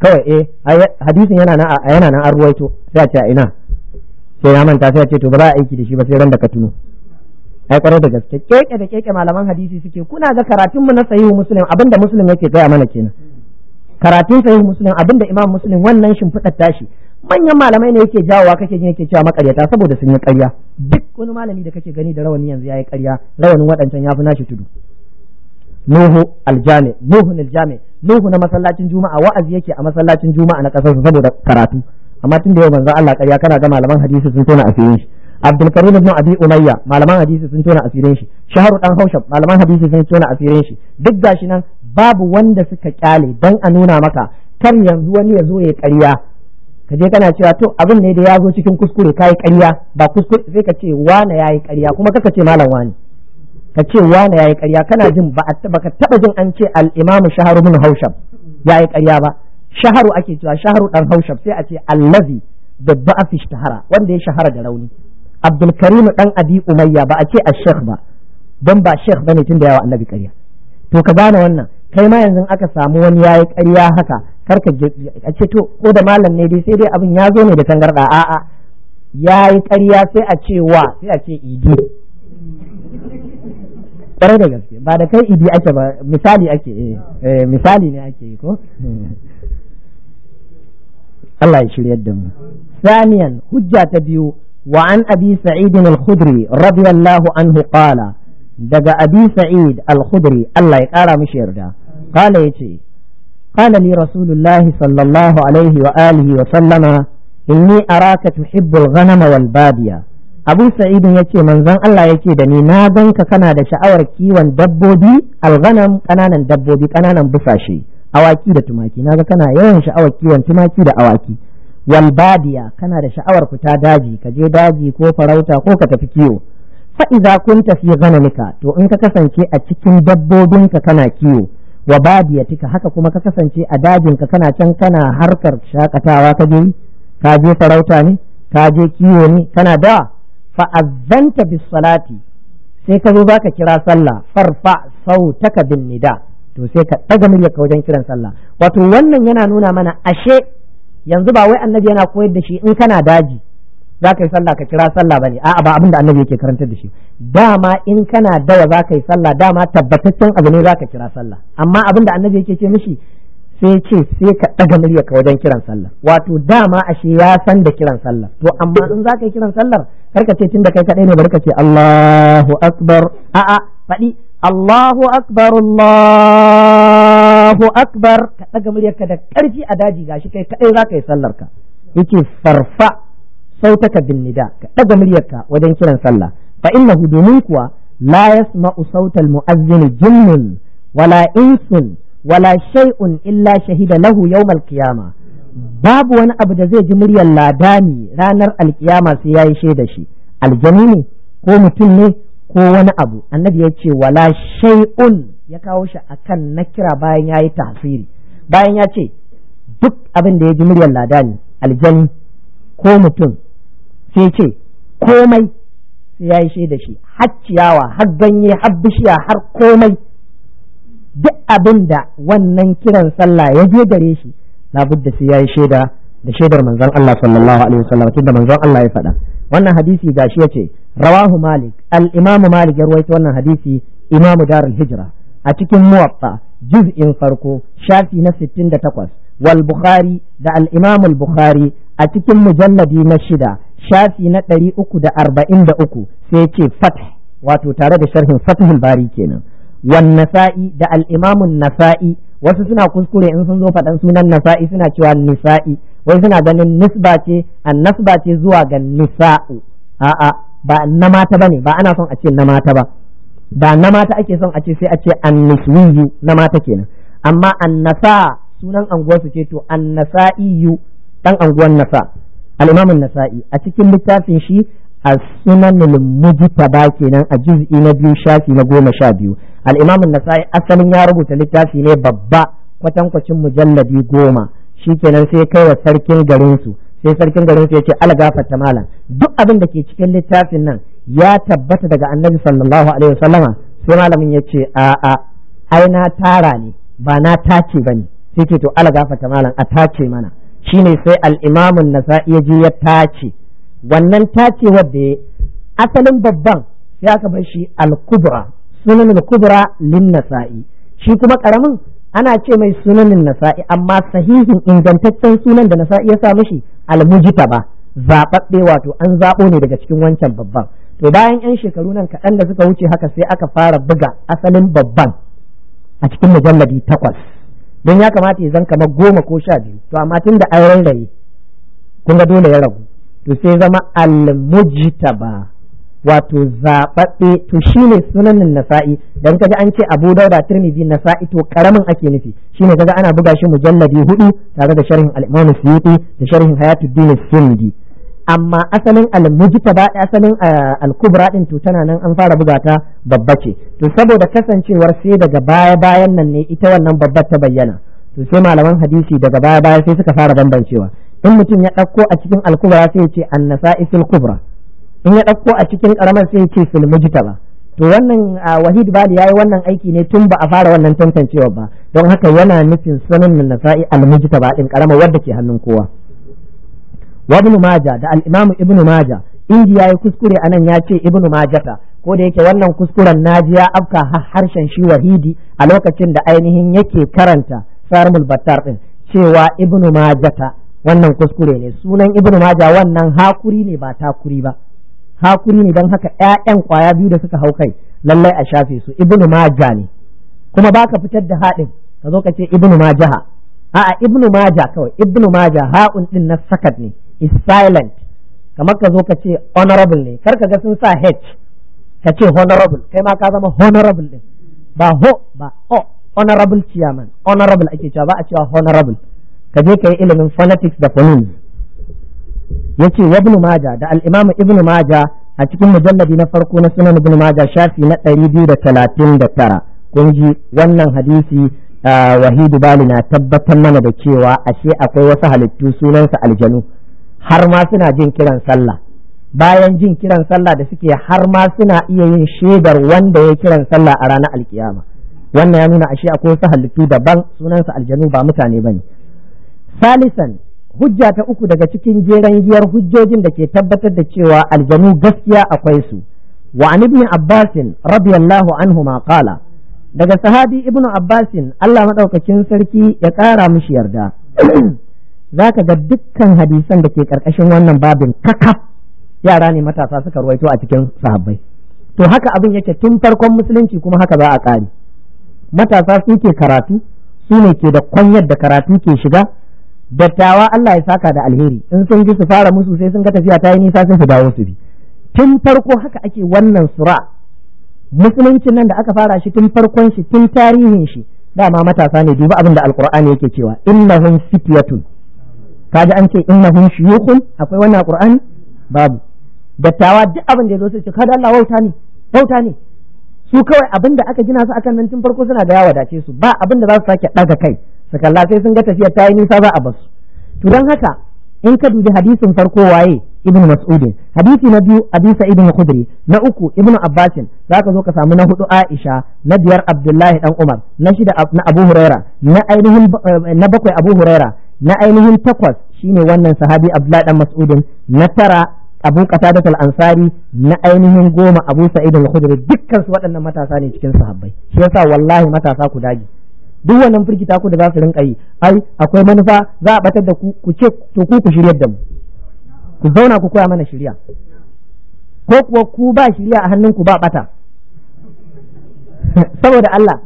Speaker 1: kawai eh hadisin yana nan yana nan an ruwaito sai a ce a ina sai ya manta sai a ce to ba za a aiki da shi ba sai ran da ka tuno ai kwarar da gaske keke da keke malaman hadisi suke kuna ga karatun mu na sahihu muslim abinda muslim yake gaya mana kenan karatun sahihu muslim abinda imam muslim wannan shimfiɗar tashi manyan malamai ne yake wa kake jin yake cewa makaryata saboda sun yi ƙarya duk wani malami da kake gani da rawani yanzu yayi karya rawanin wadancan yafi nashi tudu nuhu aljami nuhu aljami nuhu na masallacin juma'a wa'azi yake a masallacin juma'a na kasar saboda karatu amma tun da yau manzo Allah ƙarya kana ga malaman hadisi sun tona asirin shi Abdul Karim ibn Abi Umayya malaman hadisi sun tona asirin shi Shahru dan Haushab malaman hadisi sun tona asirin shi duk gashi nan babu wanda suka kyale dan a nuna maka kar yanzu wani ya zo ya ƙarya ka je kana cewa to abin ne da ya zo cikin kuskure kai ƙarya ba kuskure sai ka ce wane yayi ƙarya kuma kaka ce malam wani ka ce wane yayi ƙarya kana jin ba ka taba jin an ce al-imamu shaharu min haushab yayi ƙarya ba shaharu ake cewa shaharu dan haushab sai a ce allazi da ba'afi shahara wanda ya shahara da rauni abdul karim dan abi umayya ba a ce a shaykh ba don ba sheikh bane tun da yawa annabi ƙarya to ka gane wannan kai ma yanzu aka samu wani yayi ƙarya haka kar ka a ce to ko da malam ne dai sai dai abin ya zo ne da tangarɗa a'a yayi ƙarya sai a ce wa sai a ce idi kwarai da gaske ba da kai idi ake ba misali ake eh, eh misali ne ake ko Allah ya shirya da mu saniyan hujja ta biyu wa an abi sa'id al-khudri radiyallahu anhu qala daga abi sa'id al-khudri Allah ya kara mishi yarda qala yace قال ni رسول الله صلى wa عليه وآله وسلم إني أراك تحب الغنم والبادية abu sa'idin ya ce manzon Allah ya ce da ni na gan ka kana da sha'awar kiwon dabbobi alghanam kananan dabbobi kananan busashe awaki da tumaki na ga kana yawan sha'awar kiwon tumaki da awaki wal kana da sha'awar fita daji ka je daji ko farauta ko ka tafi kiwo fa idza kunta fi ghanamika to in ka kasance a cikin dabbobin ka kana kiwo wa badiyatika haka kuma ka kasance a dajin ka kana can kana harkar shakatawa ka je ka je farauta ne ka je kiwo ne kana da fa'azzanta bis salati sai ka zo zaka kira sallah farfa sau bin nida to sai ka daga muryarka wajen kiran sallah wato wannan yana nuna mana ashe yanzu ba wai annabi yana koyar da shi in kana daji za ka yi sallah ka kira sallah ne a'a ba abin da annabi yake karantar da shi dama in kana dawa za ka yi sallah dama tabbataccen abu ne za ka kira sallah amma abin da annabi yake ce mishi sai ce sai ka ɗaga murya wajen kiran sallah wato dama ashe ya san da kiran sallah to amma in za ka yi kiran sallar kar ka ce tun da kai kaɗai ne bari ka ce Allahu akbar a'a faɗi Allahu akbar Allahu akbar ka ɗaga murya ka da ƙarfi a daji gashi kai kaɗai za ka yi sallar ka yake farfa sautaka bin nida ka ɗaga muryar wajen kiran sallah fa innahu domin kuwa la yasma'u sautal mu'azzini jinnun wala insun wala shay'un illa shahida lahu yawmal qiyama babu wani abu da zai ji muryar ladani ranar alkiyama sai yayi shaida shi aljani ne ko mutum ne ko wani abu annabi yace ce ya kawo shi a akan nakira bayan yayi tasiri bayan ya ce duk abin da ya ji muryar ladani aljani ko mutum ce komai sai yayi shaida shi har ciyawa har ganye har bishiya har komai duk abin da wannan kiran sallah ya je gare shi labudda sai yayi shaida da shaidar manzon Allah sallallahu alaihi wasallam da manzon Allah ya faɗa wannan hadisi gashi yace rawahu malik al-imamu malik ya rawaito wannan hadisi imamu darul hijra a cikin muwatta juz'in farko shafi na 68 wal bukhari da al-imamu al-bukhari a cikin mujalladi na shida shafi na 343 sai ce fath wato tare da sharhin fathul bari kenan Wannasa'i da al'imamun nasa'i wasu suna kuskure in sun zo faɗan sunan nasa'i suna cewa nisa'i wai suna ganin nisba ce an nasba ce zuwa ga nisa'u a'a ba na mata ne ba ana son a ce na mata ba ba na mata ake son a ce sai a ce an niswiyu na mata kenan amma an nasa sunan anguwarsu ce to an nasa'iyu dan anguwar nasa al'imamun nasa'i a cikin littafin shi a sunanul mujtaba kenan a juz'i na biyu shafi na goma sha biyu Al'imamin na sa’i nasai asalin ya rubuta littafi ne babba kwatankwacin mujalladi goma shi kenan sai kai wa sarkin garinsu sai sarkin garinsu ya ce yace algafata malam duk abin da ke cikin littafin nan ya tabbata daga annabi sallallahu alaihi wasallama sai malamin yace a a ai na tara ne ba na tace ne sai ce to algafata malam a tace mana shine sai al'imamin na sa’i nasai ya je ya tace wannan tacewar da asalin babban ya aka bar shi al-kubra sunan kubra lin nasa'i shi kuma karamin ana ce mai sunanin nasa'i amma sahihin ingantaccen sunan da nasa'i ya sa almujita ba zababbe wato an zaɓo ne daga cikin wancan babban to bayan yan shekaru nan kaɗan da suka wuce haka sai aka fara buga asalin babban a cikin mujalladi takwas don ya kamata ya zan kamar goma ko sha biyu to amma tun da an rairaye kun ga dole ya ragu to sai zama ba wato zaɓaɓɓe to shi ne sunanin nasa'i dan kaga an ce abu dauda turmizi nasa'i to karamin ake nufi shi ne kaga ana buga shi mujalladi hudu tare da sharhin al suyuti da sharhin hayatuddin sindi amma asalin al ba asalin eh, al-kubra din to tana nan an fara buga ta babba ce to saboda kasancewar sai daga baya bayan nan ne ita wannan babbar ta bayyana to sai malaman hadisi daga baya baya sai suka fara bambancewa in mutum ya ɗauko a cikin al-kubra sai ya ce an-nasa'i fil kubra in ya ɗauko a cikin ƙaramar sai ce fil ba to wannan wahid bali yi wannan aiki ne tun ba a fara wannan tantancewa ba don haka yana nufin sunan nasa'i al ba ɗin ƙarama wadda ke hannun kowa wa maja da al'imamu ibnu maja inji yayi kuskure a nan ya ce ibnu majata ko da yake wannan kuskuren naji ya afka harshen shi wahidi a lokacin da ainihin yake karanta sarmul battar ɗin cewa ibnu majata wannan kuskure ne sunan ibn maja wannan hakuri ne ba takuri ba hakuri ne don haka ƴaƴan kwaya biyu da suka hau kai lallai a shafe su ibnu maja ne kuma baka fitar da haɗin ka zo ka ce ibnu majaha a'a ibnu maja kawai ibnu maja ha'un din na sakat ne is silent kamar ka zo ka ce honorable ne kar ka ga sun sa h ka ce honorable kai ma ka zama honorable din ba ho ba o honorable chairman honorable ake cewa ba a cewa honorable ka je ka yi ilimin phonetics da phonemes yace wa ibn maja da al-imam ibn maja a cikin mujalladi na farko na sunan ibn maja shafi na 239 kun ji wannan hadisi wahidu bali na tabbatar mana da cewa ashe akwai wasu halittu sunansa aljanu har ma suna jin kiran sallah bayan jin kiran sallah da suke har ma suna iya yin shaidar wanda ya kiran sallah a ranar alkiyama wannan ya nuna ashe akwai wasu halittu daban sunansa aljanu ba mutane bane salisan hujja ta uku daga cikin jeren giyar hujjojin da ke tabbatar da cewa aljanu gaskiya akwai su wa an ibn abbas radiyallahu anhu ma qala daga sahabi ibn abbas Allah madaukakin sarki ya kara mishi yarda zaka ga dukkan hadisan da ke karkashin wannan babin kakaf yara ne matasa suka ruwaito a cikin sahabbai to haka abin yake tun farkon musulunci kuma haka za a kare matasa su ke karatu su ne ke da kwanyar da karatu ke shiga dattawa Allah ya saka da alheri in sun ji su fara musu sai sun ga tafiya ta yi nisa sun su dawo su bi tun farko haka ake wannan sura musuluncin nan da aka fara shi tun farkon shi tun tarihin shi dama matasa ne duba abin da alqur'ani yake cewa innahum fityatun kaji an ce innahum shuyukhun akwai wannan alqur'ani babu dattawa duk abin da yazo sai ce kada Allah wauta ne wauta ne su kawai abin da aka gina su akan nan tun farko suna da yawa dace su ba abin da za su sake daga kai su sai sun ga tafiyar ta yi nisa za a basu to don haka in ka dubi hadisin farko waye ibn mas'udin hadisi na biyu abisa ibn khudri na uku ibnu abbasin zaka zo ka samu na hudu aisha na biyar abdullahi dan umar na shida na abu huraira na ainihin eh, na bakwai abu huraira na ainihin takwas shine wannan sahabi abdullahi dan mas'udin na tara abu qatadat al-ansari na ainihin goma abu sa'id al-khudri dukkan su waɗannan matasa ne cikin sahabbai shi yasa wallahi matasa ku dage duk wannan firgita ku da za su rinka yi ai akwai manufa za a batar da ku ku ce to ku ku shiryar da mu ku zauna ku koya mana shirya ko kuwa ku ba shirya a hannun ku ba bata saboda Allah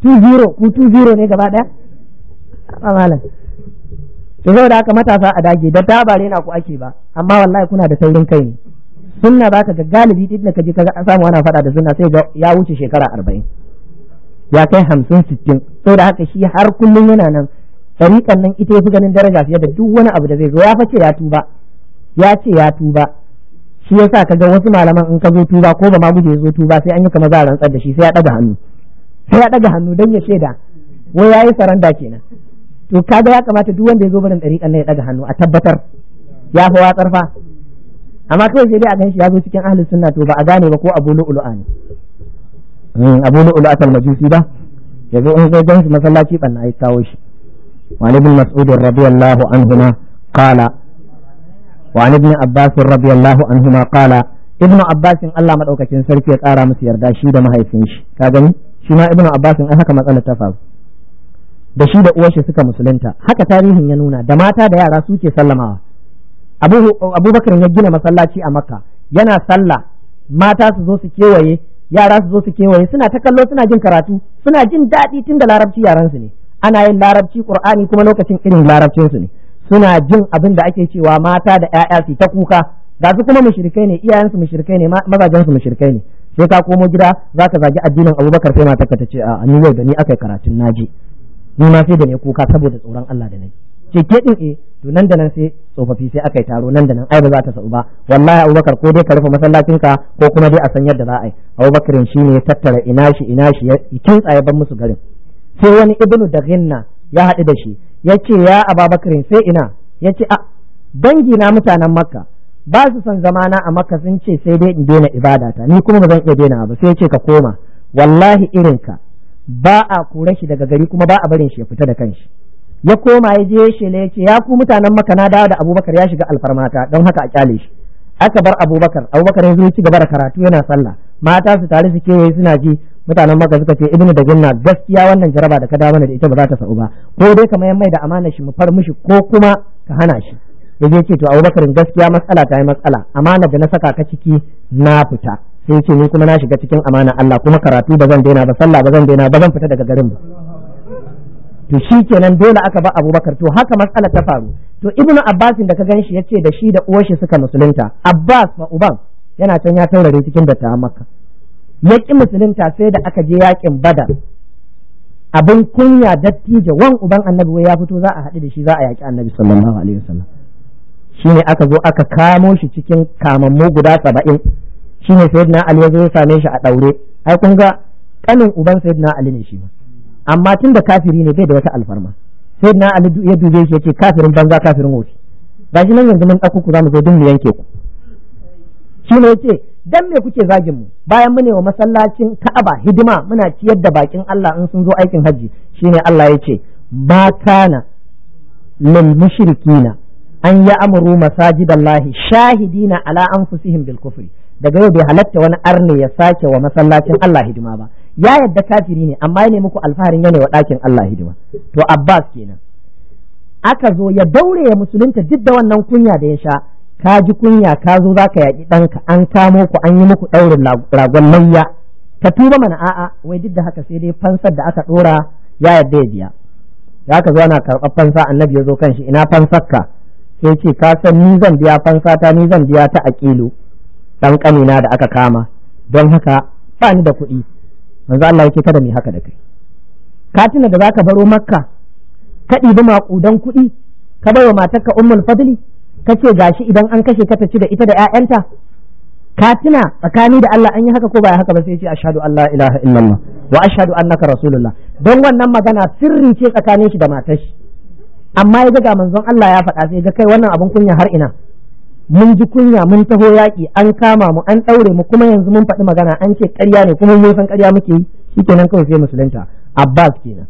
Speaker 1: tu zero ku tu zero ne gaba daya ba malam to saboda haka matasa a dage da tabare na ku ake ba amma wallahi kuna da saurin kai ne sunna baka ga galibi din da kaje kaga an samu ana fada da sunna sai ya wuce shekara arba'in. ya kai hamsin sittin da haka shi har kullum yana nan ɗariƙan nan ita yafi ganin daraja fiye da duk wani abu da zai zo ya face ya tuba ya ce ya tuba shi yasa kaga wasu malaman in ka zo tuba ko ba ma guje zo tuba sai an yi kamar za a rantsar da shi sai ya ɗaga hannu sai ya ɗaga hannu don ya shaida wai ya yi saranda kenan to kaga ya kamata duk wanda ya zo barin ɗariƙan nan ya ɗaga hannu a tabbatar ya fi watsar fa amma kawai sai dai a gan shi ya zo cikin ahalin sunna to ba a gane ba ko a abu lu'lu'a ne abu ulu asal majusi ba yanzu in zai gan shi masallaci banna ai kawo shi wa ibn mas'ud radiyallahu anhuma qala wa ibn abbas radiyallahu anhuma qala ibn abbas Allah madaukakin sarki ya kara musu yarda shi da mahaifin shi ka gani shi ma ibn abbas an haka matsalar ta faru da shi da uwar shi suka musulunta haka tarihin ya nuna da mata da yara suke sallamawa abubakar ya gina masallaci a makka yana sallah mata su zo su kewaye yara su zo su kewaye suna ta kallo suna jin karatu suna jin daɗi tun da larabci yaran su ne ana yin larabci qur'ani kuma lokacin irin larabcin su ne suna jin abin da ake cewa mata da ƴaƴa su ta kuka ga su kuma mushrikai ne iyayen su mushrikai ne mazajen su mushrikai ne sai ka komo gida zaka zagi addinin Abubakar sai ka ta ce a ni yau da ni akai karatun naji ni ma sai da ne kuka saboda tsoron Allah da nake keke din eh to nan da nan sai tsofaffi sai aka yi taro nan da nan ai ba za ta sau ba wallahi abubakar ko dai ka rufe masallacin ka ko kuma dai a san yadda za a yi abubakarin shi ne ya tattara ina shi ina shi ya kintsa tsaye ban musu garin sai wani ibnu da ginna ya haɗu da shi ya ce ya ababakarin sai ina ya ce a ah, dangi na mutanen makka ba su son zamana a makka sun ce sai dai in daina ibadata ni kuma ba zan iya daina ba sai ya ce ka koma wallahi irinka ba a kura shi daga gari kuma ba a barin shi ya fita da kanshi ya koma ya je shi ne ce ya ku mutanen maka na dawo da abubakar ya shiga alfarmata don haka a kyale shi aka bar abubakar abubakar ya ci gaba da karatu yana sallah mata su tare su kewaye suna ji mutanen maka suka ce ibnu da ginna gaskiya wannan jaraba da ka dawo mana da ita ba za ta sa'u ba ko dai mayar mai da amana shi mu far mishi ko kuma ka hana shi ya je ce to abubakar gaskiya matsala ta yi matsala amana da na saka ka ciki na fita sai ce ni kuma na shiga cikin amana Allah kuma karatu ba zan daina ba sallah ba zan daina ba zan fita daga garin ba to shi kenan dole aka ba abubakar to haka matsala ta faru to ibnu abbas da ka shi ya ce da shi da uwar shi suka musulunta abbas ma uban yana can ya taurare cikin dattawa makka ya ki musulunta sai da aka je yakin badar abin kunya dattijo wan uban annabi ya fito za a haɗu da shi za a yaƙi annabi sallallahu alaihi wasallam shine aka zo aka kamo shi cikin kamammu guda saba'in shine sayyidina ali ya zo ya same shi a ɗaure ai kun ga kanin uban sayyidina ali ne shi ma amma tun da kafiri ne bai da wata alfarma sai na ali ya dube shi yace kafirin banza kafirin wuce. ba shi nan yanzu mun dauko ku zamu zo dun yanke ku shi ne yace dan me kuke zagin mu bayan mune wa masallacin Ka'aba hidima muna ciyar da bakin Allah in sun zo aikin hajji ne Allah yace ba kana lil mushrikina an ya ya'muru masajidallahi shahidina ala anfusihim bil kufri daga yau bai halatta wani arne ya sake wa masallacin Allah hidima ba ya yadda kafiri ne amma ya nemi ku alfaharin yana wa ɗakin Allah hidima to Abbas kenan aka zo ya daure ya musulunta duk da wannan kunya da ya sha ka ji kunya ka zo za ka yaƙi ɗanka an kamo ku an yi muku ɗaurin ragon layya ka tuba mana a'a wai duk da haka sai dai fansar da aka ɗora ya yadda ya biya ya ka zo ana karɓar fansa annabi ya zo kan shi ina fansar sai ce ka san ni zan biya fansa ta ni zan biya ta aƙilu ɗan ƙanina da aka kama don haka ba ni da kuɗi manzo Allah yake kada mu haka da kai ka tuna da zaka baro makka ka ɗibi maƙudan kuɗi ka bai wa matarka ummul fadli ka ce gashi idan an kashe ka ta ci da ita da 'ya'yanta. ka tuna tsakani da Allah an yi haka ko ba haka ba sai ce ashhadu an la ilaha illallah wa ashhadu annaka rasulullah don wannan magana sirri ce tsakanin shi da matar amma ya ga manzon Allah ya faɗa sai ga kai wannan abin kunya har ina mun ji kunya mun taho yaƙi an kama mu an ɗaure mu kuma yanzu mun faɗi magana an ce ƙarya ne kuma mun san ƙarya muke yi shikenan kawai sai musulunta abbas kenan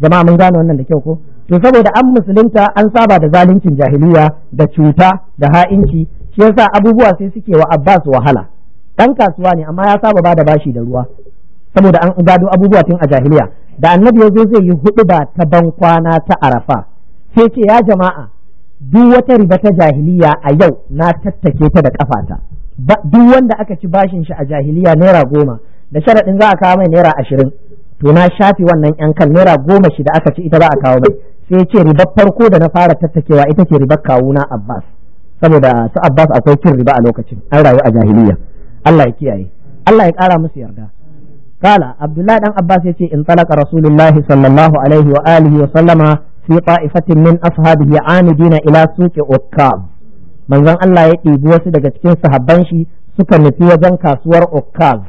Speaker 1: jama'a mun gane wannan da kyau ko to saboda an musulunta an saba da zaluncin jahiliya da cuta da ha'inci shi yasa abubuwa sai suke wa abbas wahala dan kasuwa ne amma ya saba bada bashi da ruwa saboda an gado abubuwa tun a jahiliya da annabi ya zo zai yi huɗu ba ta bankwana ta arafa sai ce ya jama'a duk wata riba ta jahiliya a yau na tattake ta da kafata duk wanda aka ci bashin shi a jahiliya naira goma da sharaɗin za a kawo mai naira ashirin to na shafi wannan yan kan naira goma shi da aka ci ita za a kawo mai sai ce ribar farko da na fara tattakewa ita ce ribar kawuna abbas saboda su abbas akwai cin riba a lokacin an rayu a jahiliya allah ya kiyaye allah ya ƙara musu yarda kala abdullahi dan abbas ya ce in talaka rasulullahi sallallahu alaihi wa alihi wa sallama fi ta'ifatin min ashabihi anidina ila suqi ukkab manzon Allah ya ɗibi wasu daga cikin sahabban shi suka nufi wajen kasuwar ukkab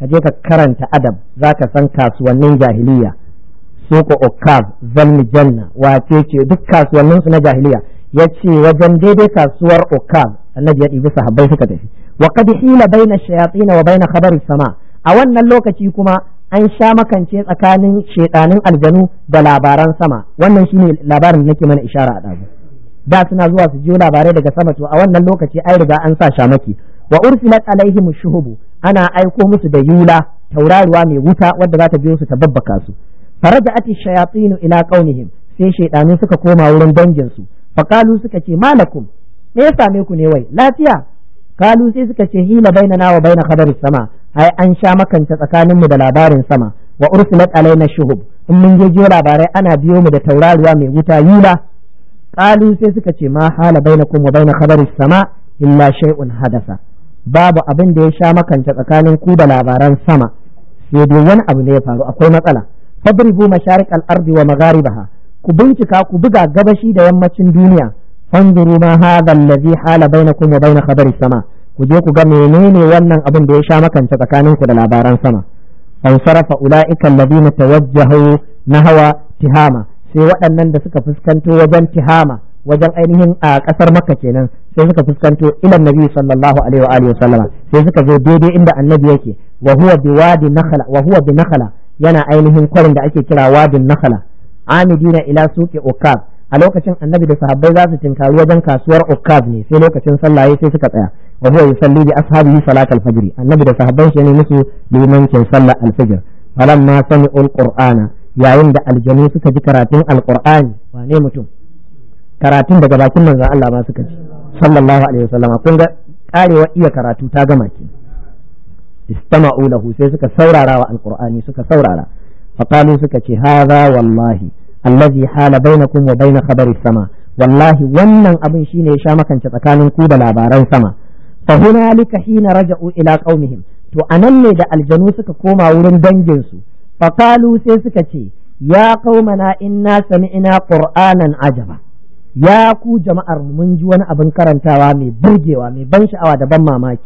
Speaker 1: ka je ka karanta adab zaka san kasuwannin jahiliya suqu ukkab zalmi janna wace ce duk kasuwanninsu na jahiliya yace wajen daidai kasuwar ukkab annabi ya ɗibi sahabbai suka tafi wa qad hila baina shayatin wa baina khabari sama a wannan lokaci kuma an sha makance tsakanin shedanin aljanu da labaran sama wannan shine labarin da nake mana ishara a ɗazu da suna zuwa su jiyo labarai daga sama to a wannan lokaci ai riga an sa shamaki wa ursilat alaihim shuhubu ana aiko musu da yula tauraruwa mai wuta wadda za ta biyo su ta babbaka su faraja'at ash-shayatin ila ƙaunihim sai shaidanu suka koma wurin dangin su fakalu suka ce malakum me ya same ku ne wai lafiya kalu sai suka ce hila bainana wa baina khabari sama ai an sha makanta tsakanin mu da labarin sama wa ursilat alaina shuhub in mun je jiyo labarai ana biyo mu da tauraruwa mai wuta yula kalu sai suka ce ma hala bainakum wa baina khabari sama illa shay'un hadasa babu abin da ya sha makanta tsakanin ku da labaran sama sai dai wani abu ne ya faru akwai matsala fadribu masharik ardi wa magharibaha ku bincika ku buga gabashi da yammacin duniya an ma hadha allazi hala bainakum wa bain khabari sama ku je ku ga menene wannan abin da ya sha makance tsakanin ku da labaran sama fansarafa ulaika allazina tawajjahu nahwa tihama sai waɗannan da suka fuskanto wajen tihama wajen ainihin a ƙasar makka kenan sai suka fuskanto ilan nabi sallallahu alaihi wa alihi wasallama sai suka zo daidai inda annabi yake wa huwa bi wadi nakhla wa huwa bi nakhla yana ainihin kwarin da ake kira wadin nakhla amidina ila suqi ukab a lokacin annabi da sahabbai za su tinkari wajen kasuwar ukkaz ne sai lokacin sallah sai suka tsaya wa huwa yusalli bi ashabihi salat al-fajr annabi da sahabban shi ne musu kin sallah al-fajr ma sami'u al-qur'ana yayin da aljanu suka ji karatun al-qur'ani wane mutum karatun daga bakin manzon Allah ma suka ji sallallahu alaihi wasallam kun ga karewa iya karatu ta gama ki istama'u lahu sai suka saurara wa al-qur'ani suka saurara faqalu suka ce hadha wallahi allazi hala kunwa wa bain khabari sama wallahi wannan abin shine ya sha makance tsakanin ku da labaran sama fa hunalika hina raja'u ila qaumihim to anan ne da aljanu suka koma wurin dangin su fa sai suka ce ya qaumana inna ina kur'anan ajaba ya ku jama'ar mun ji wani abin karantawa mai burgewa mai ban sha'awa da ban mamaki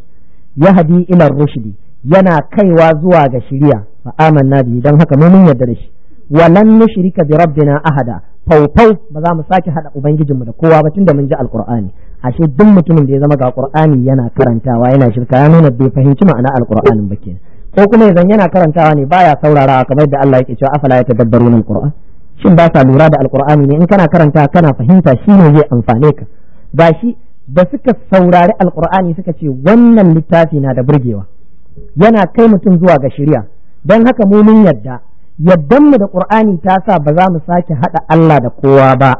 Speaker 1: yahdi ila rushdi yana kaiwa zuwa ga shiriya fa amanna bi dan haka mu mun yarda da shi walan nushrika bi rabbina ahada faufau ba za mu sake hada mu da kowa ba tun da mun ji alqur'ani ashe duk mutumin da ya zama ga qur'ani yana karantawa yana shirka ya nuna bai fahimci ma'ana alqur'anin ba kenan ko kuma yanzu yana karantawa ne baya saurarawa kamar da Allah yake cewa afala yatadabbaruna alqur'an shin ba sa lura da alqur'ani ne in kana karanta kana fahimta shi ne zai amfane ka ba shi da suka saurari alqur'ani suka ce wannan littafi na da burgewa yana kai mutum zuwa ga shari'a don haka mu mun yarda. yaddan mu da qur'ani ta sa ba za mu sake hada Allah da kowa ba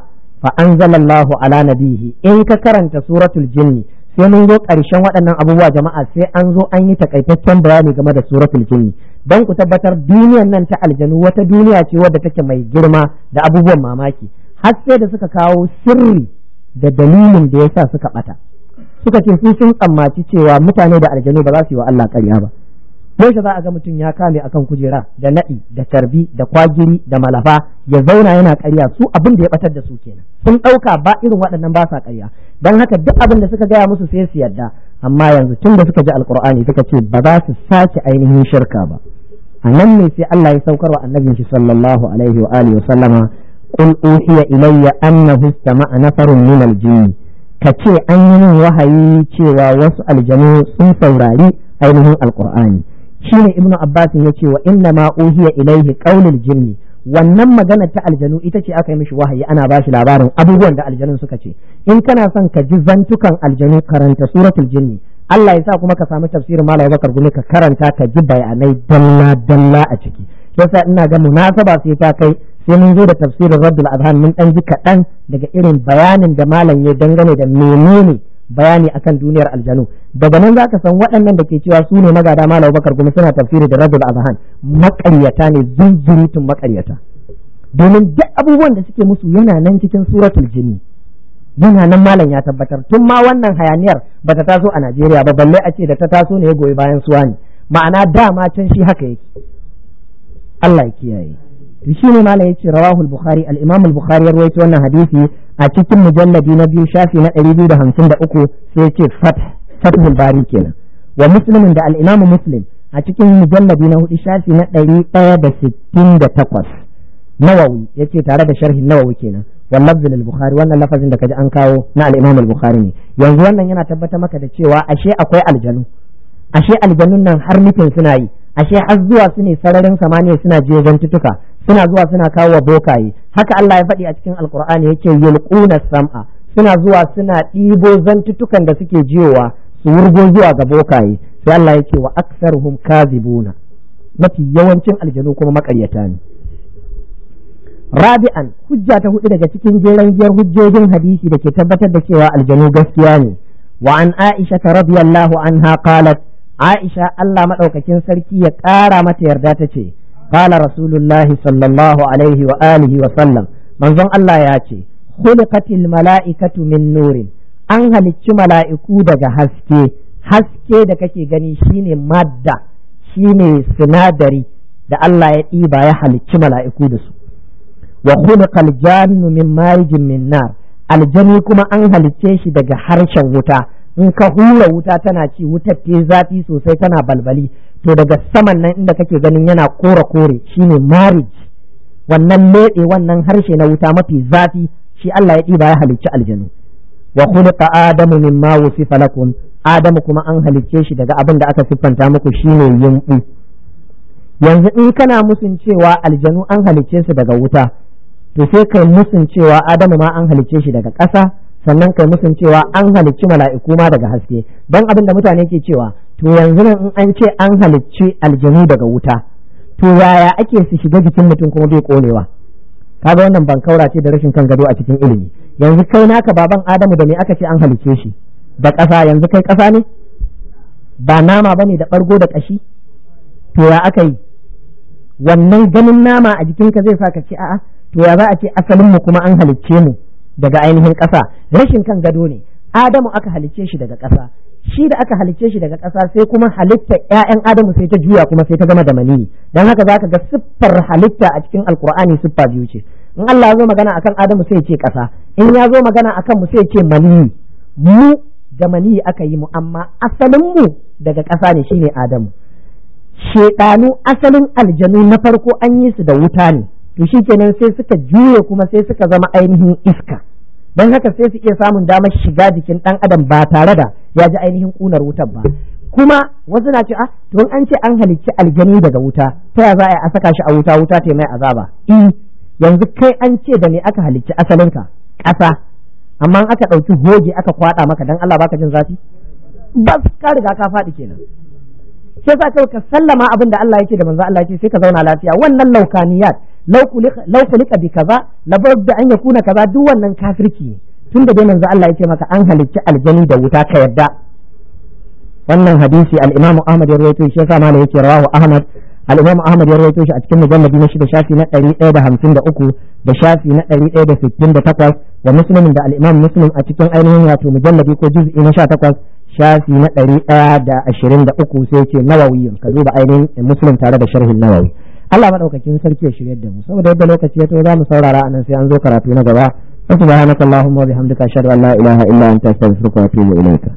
Speaker 1: fa anzalallahu ala nabihi in ka karanta suratul jinni sai mun zo karshen waɗannan abubuwa jama'a sai an zo an yi takaitaccen bayani game da suratul jinn dan ku tabbatar duniyar nan ta aljanu wata duniya ce wadda take mai girma da abubuwan mamaki har sai da suka kawo sirri da dalilin da yasa suka bata suka ce sun tsammaci cewa mutane da aljanu ba za su yi wa Allah ƙarya ba yaushe za a ga mutum ya kame akan kujera da naɗi da karbi da kwagiri da malafa ya zauna yana karya su abin da ya batar da su kenan sun ɗauka ba irin waɗannan ba sa karya don haka duk abin da suka gaya musu sai su yarda amma yanzu tun da suka ji alkur'ani suka ce ba za su sake ainihin shirka ba a nan ne sai Allah ya saukarwa annabin shi sallallahu alaihi wa alihi wa sallama qul uhiya ilayya annahu istama'a nafarun min al ka ce an yi wahayi cewa wasu aljanu sun saurari ainihin alkur'ani shine ibnu abbas ya ce wa inna ma uhiya ilaihi qaulul jinni wannan magana ta aljanu ita ce aka yi mishi wahayi ana ba shi labarin abubuwan da aljanun suka ce in kana son ka ji zantukan aljanu karanta suratul jinni Allah ya sa kuma ka samu tafsirin Malam Bakar Gumi ka karanta ka ji bayanai dalla dalla a ciki yasa ina ga munasaba sai ta kai sai mun zo da tafsirin Rabbul Adhan mun dan ji kaɗan daga irin bayanin da malam ya dangane da menene bayani akan duniyar aljanu daga nan zaka san waɗannan da ke cewa su ne magada malam bakar kuma suna tafsiri da radul azhan maƙaryata ne zunzurutun maƙaryata domin duk abubuwan da suke musu yana nan cikin suratul jinni yana nan malam ya tabbatar tun ma wannan hayaniyar ba ta taso a Najeriya ba balle a ce da ta taso ne ya goyi bayan suwa ne ma'ana dama can shi haka yake Allah ya kiyaye shi ne malam ce rawahul bukhari al-imam al-bukhari ya rawaito wannan hadisi a cikin mujalladi na biyu shafi na ɗari biyu da hamsin da uku sai ce fathul bari kenan wa muslimin da al'imamu muslim a cikin mujalladi na hudu shafi na ɗari da sittin da takwas nawawi ya tare da sharhin nawawi kenan wallaf zin al-bukhari wannan lafazin da kaji an kawo na al-imam al-bukhari ne yanzu wannan yana tabbatar maka da cewa ashe akwai aljanu ashe aljanun nan har nufin suna yi ashe har zuwa su ne sararin samaniya suna je tutuka suna zuwa suna kawo bokaye haka Allah ya faɗi a cikin alkur'ani yake yulquna sam'a suna zuwa suna ɗibo zantutukan da suke jiyowa su wurgo zuwa ga bokaye sai Allah ya yake wa aktsaruhum kazibuna mafi yawancin aljanu kuma makaryata ne rabi'an hujja ta hudu daga cikin jeran giyar hujjojin hadisi da ke tabbatar da cewa aljanu gaskiya ne wa an aisha ta radiyallahu anha qalat aisha Allah madaukakin sarki ya kara mata yarda ta ce قال رسول الله صلى الله عليه وآله وسلم من ظن الله ياتي خلقت الملائكة من نور an halicci mala'iku daga haske, haske da kake gani shine madda, shine sinadari da Allah ya ɗiba ya halicci mala'iku da su. Wa khuliqal jannu min marijin aljani kuma an halicce shi daga harshen wuta, in ka hura wuta tana ci wutar te zafi sosai tana balbali to daga saman nan inda kake ganin yana kore kore shine marriage wannan leɗe wannan harshe na wuta mafi zafi shi Allah ya ɗiba ya halicci aljanu wa khuliqa adamu ma wusifa lakum adamu kuma an halicce shi daga abin da aka siffanta muku shine yumbu yanzu in kana musun cewa aljanu an halicce su daga wuta to sai kai musun cewa adamu ma an halicce shi daga ƙasa sannan kai musun cewa an halicci mala'iku ma daga haske don abin da mutane ke cewa to yanzu nan in an ce an halicci aljanu daga wuta to yaya ake su shiga jikin mutum kuma bai konewa kaga wannan ban kaura ce da rashin kan gado a cikin ilimi yanzu kai naka baban adamu da me aka ce an halicce shi da ƙasa yanzu kai ƙasa ne ba nama bane da ɓargo da ƙashi to ya aka yi wannan ganin nama a jikinka zai sa ka ce a'a to ya za a ce asalin mu kuma an halicce mu daga ainihin ƙasa rashin kan gado ne adamu aka halicce shi daga ƙasa shi da aka halicce shi daga ƙasa sai kuma halitta ƴaƴan adamu sai ta juya kuma sai ta zama da maniyi dan haka zaka ga siffar halitta a cikin alkur'ani siffa biyu ce in Allah ya zo magana akan adamu sai ce ƙasa in ya zo magana akan mu sai ce maniyi mu da maniyi aka yi mu amma asalin mu daga ƙasa ne shine adamu shedanu asalin aljanu na farko an yi su da wuta ne to shikenan sai suka juye kuma sai suka zama ainihin iska don haka sai su iya samun damar shiga jikin ɗan adam ba tare da ya ji ainihin ƙunar wutar ba kuma wasu na ce a ah, to an ce an halicci aljani daga wuta ta ya za a saka shi a wuta wuta ta mai azaba i eh, yanzu kai an ce da ne aka halicci asalinka ƙasa amma aka ɗauki goge aka kwaɗa maka dan Allah baka jin zafi ba ka riga ka faɗi kenan sai sa kai ka sallama abin da Allah yake da manzo Allah yake sai ka zauna lafiya wannan laukaniyat law kulika bi kaza la da an yakuna kaza duk wannan kafirci ne tunda dai manzo Allah yake maka an halicci aljani da wuta ka yadda wannan hadisi al-Imam Ahmad ya rawaito shi yasa malai yake rawahu Ahmad al-Imam Ahmad ya rawaito shi a cikin mujalladi na shida shafi na 153 da shafi na 168 wa Muslim da al-Imam Muslim a cikin ainihin wato mujalladi ko juz'i na 18 shafi na 123 sai yake Nawawi ka duba ainihin Muslim tare da sharhin Nawawi Allah madaukakin sarki ya shirya da mu saboda yadda lokaci ya to za mu saurara anan sai an zo karatu na gaba subhanakallahumma wa bihamdika ashhadu an la ilaha illa anta astaghfiruka wa atubu ilaika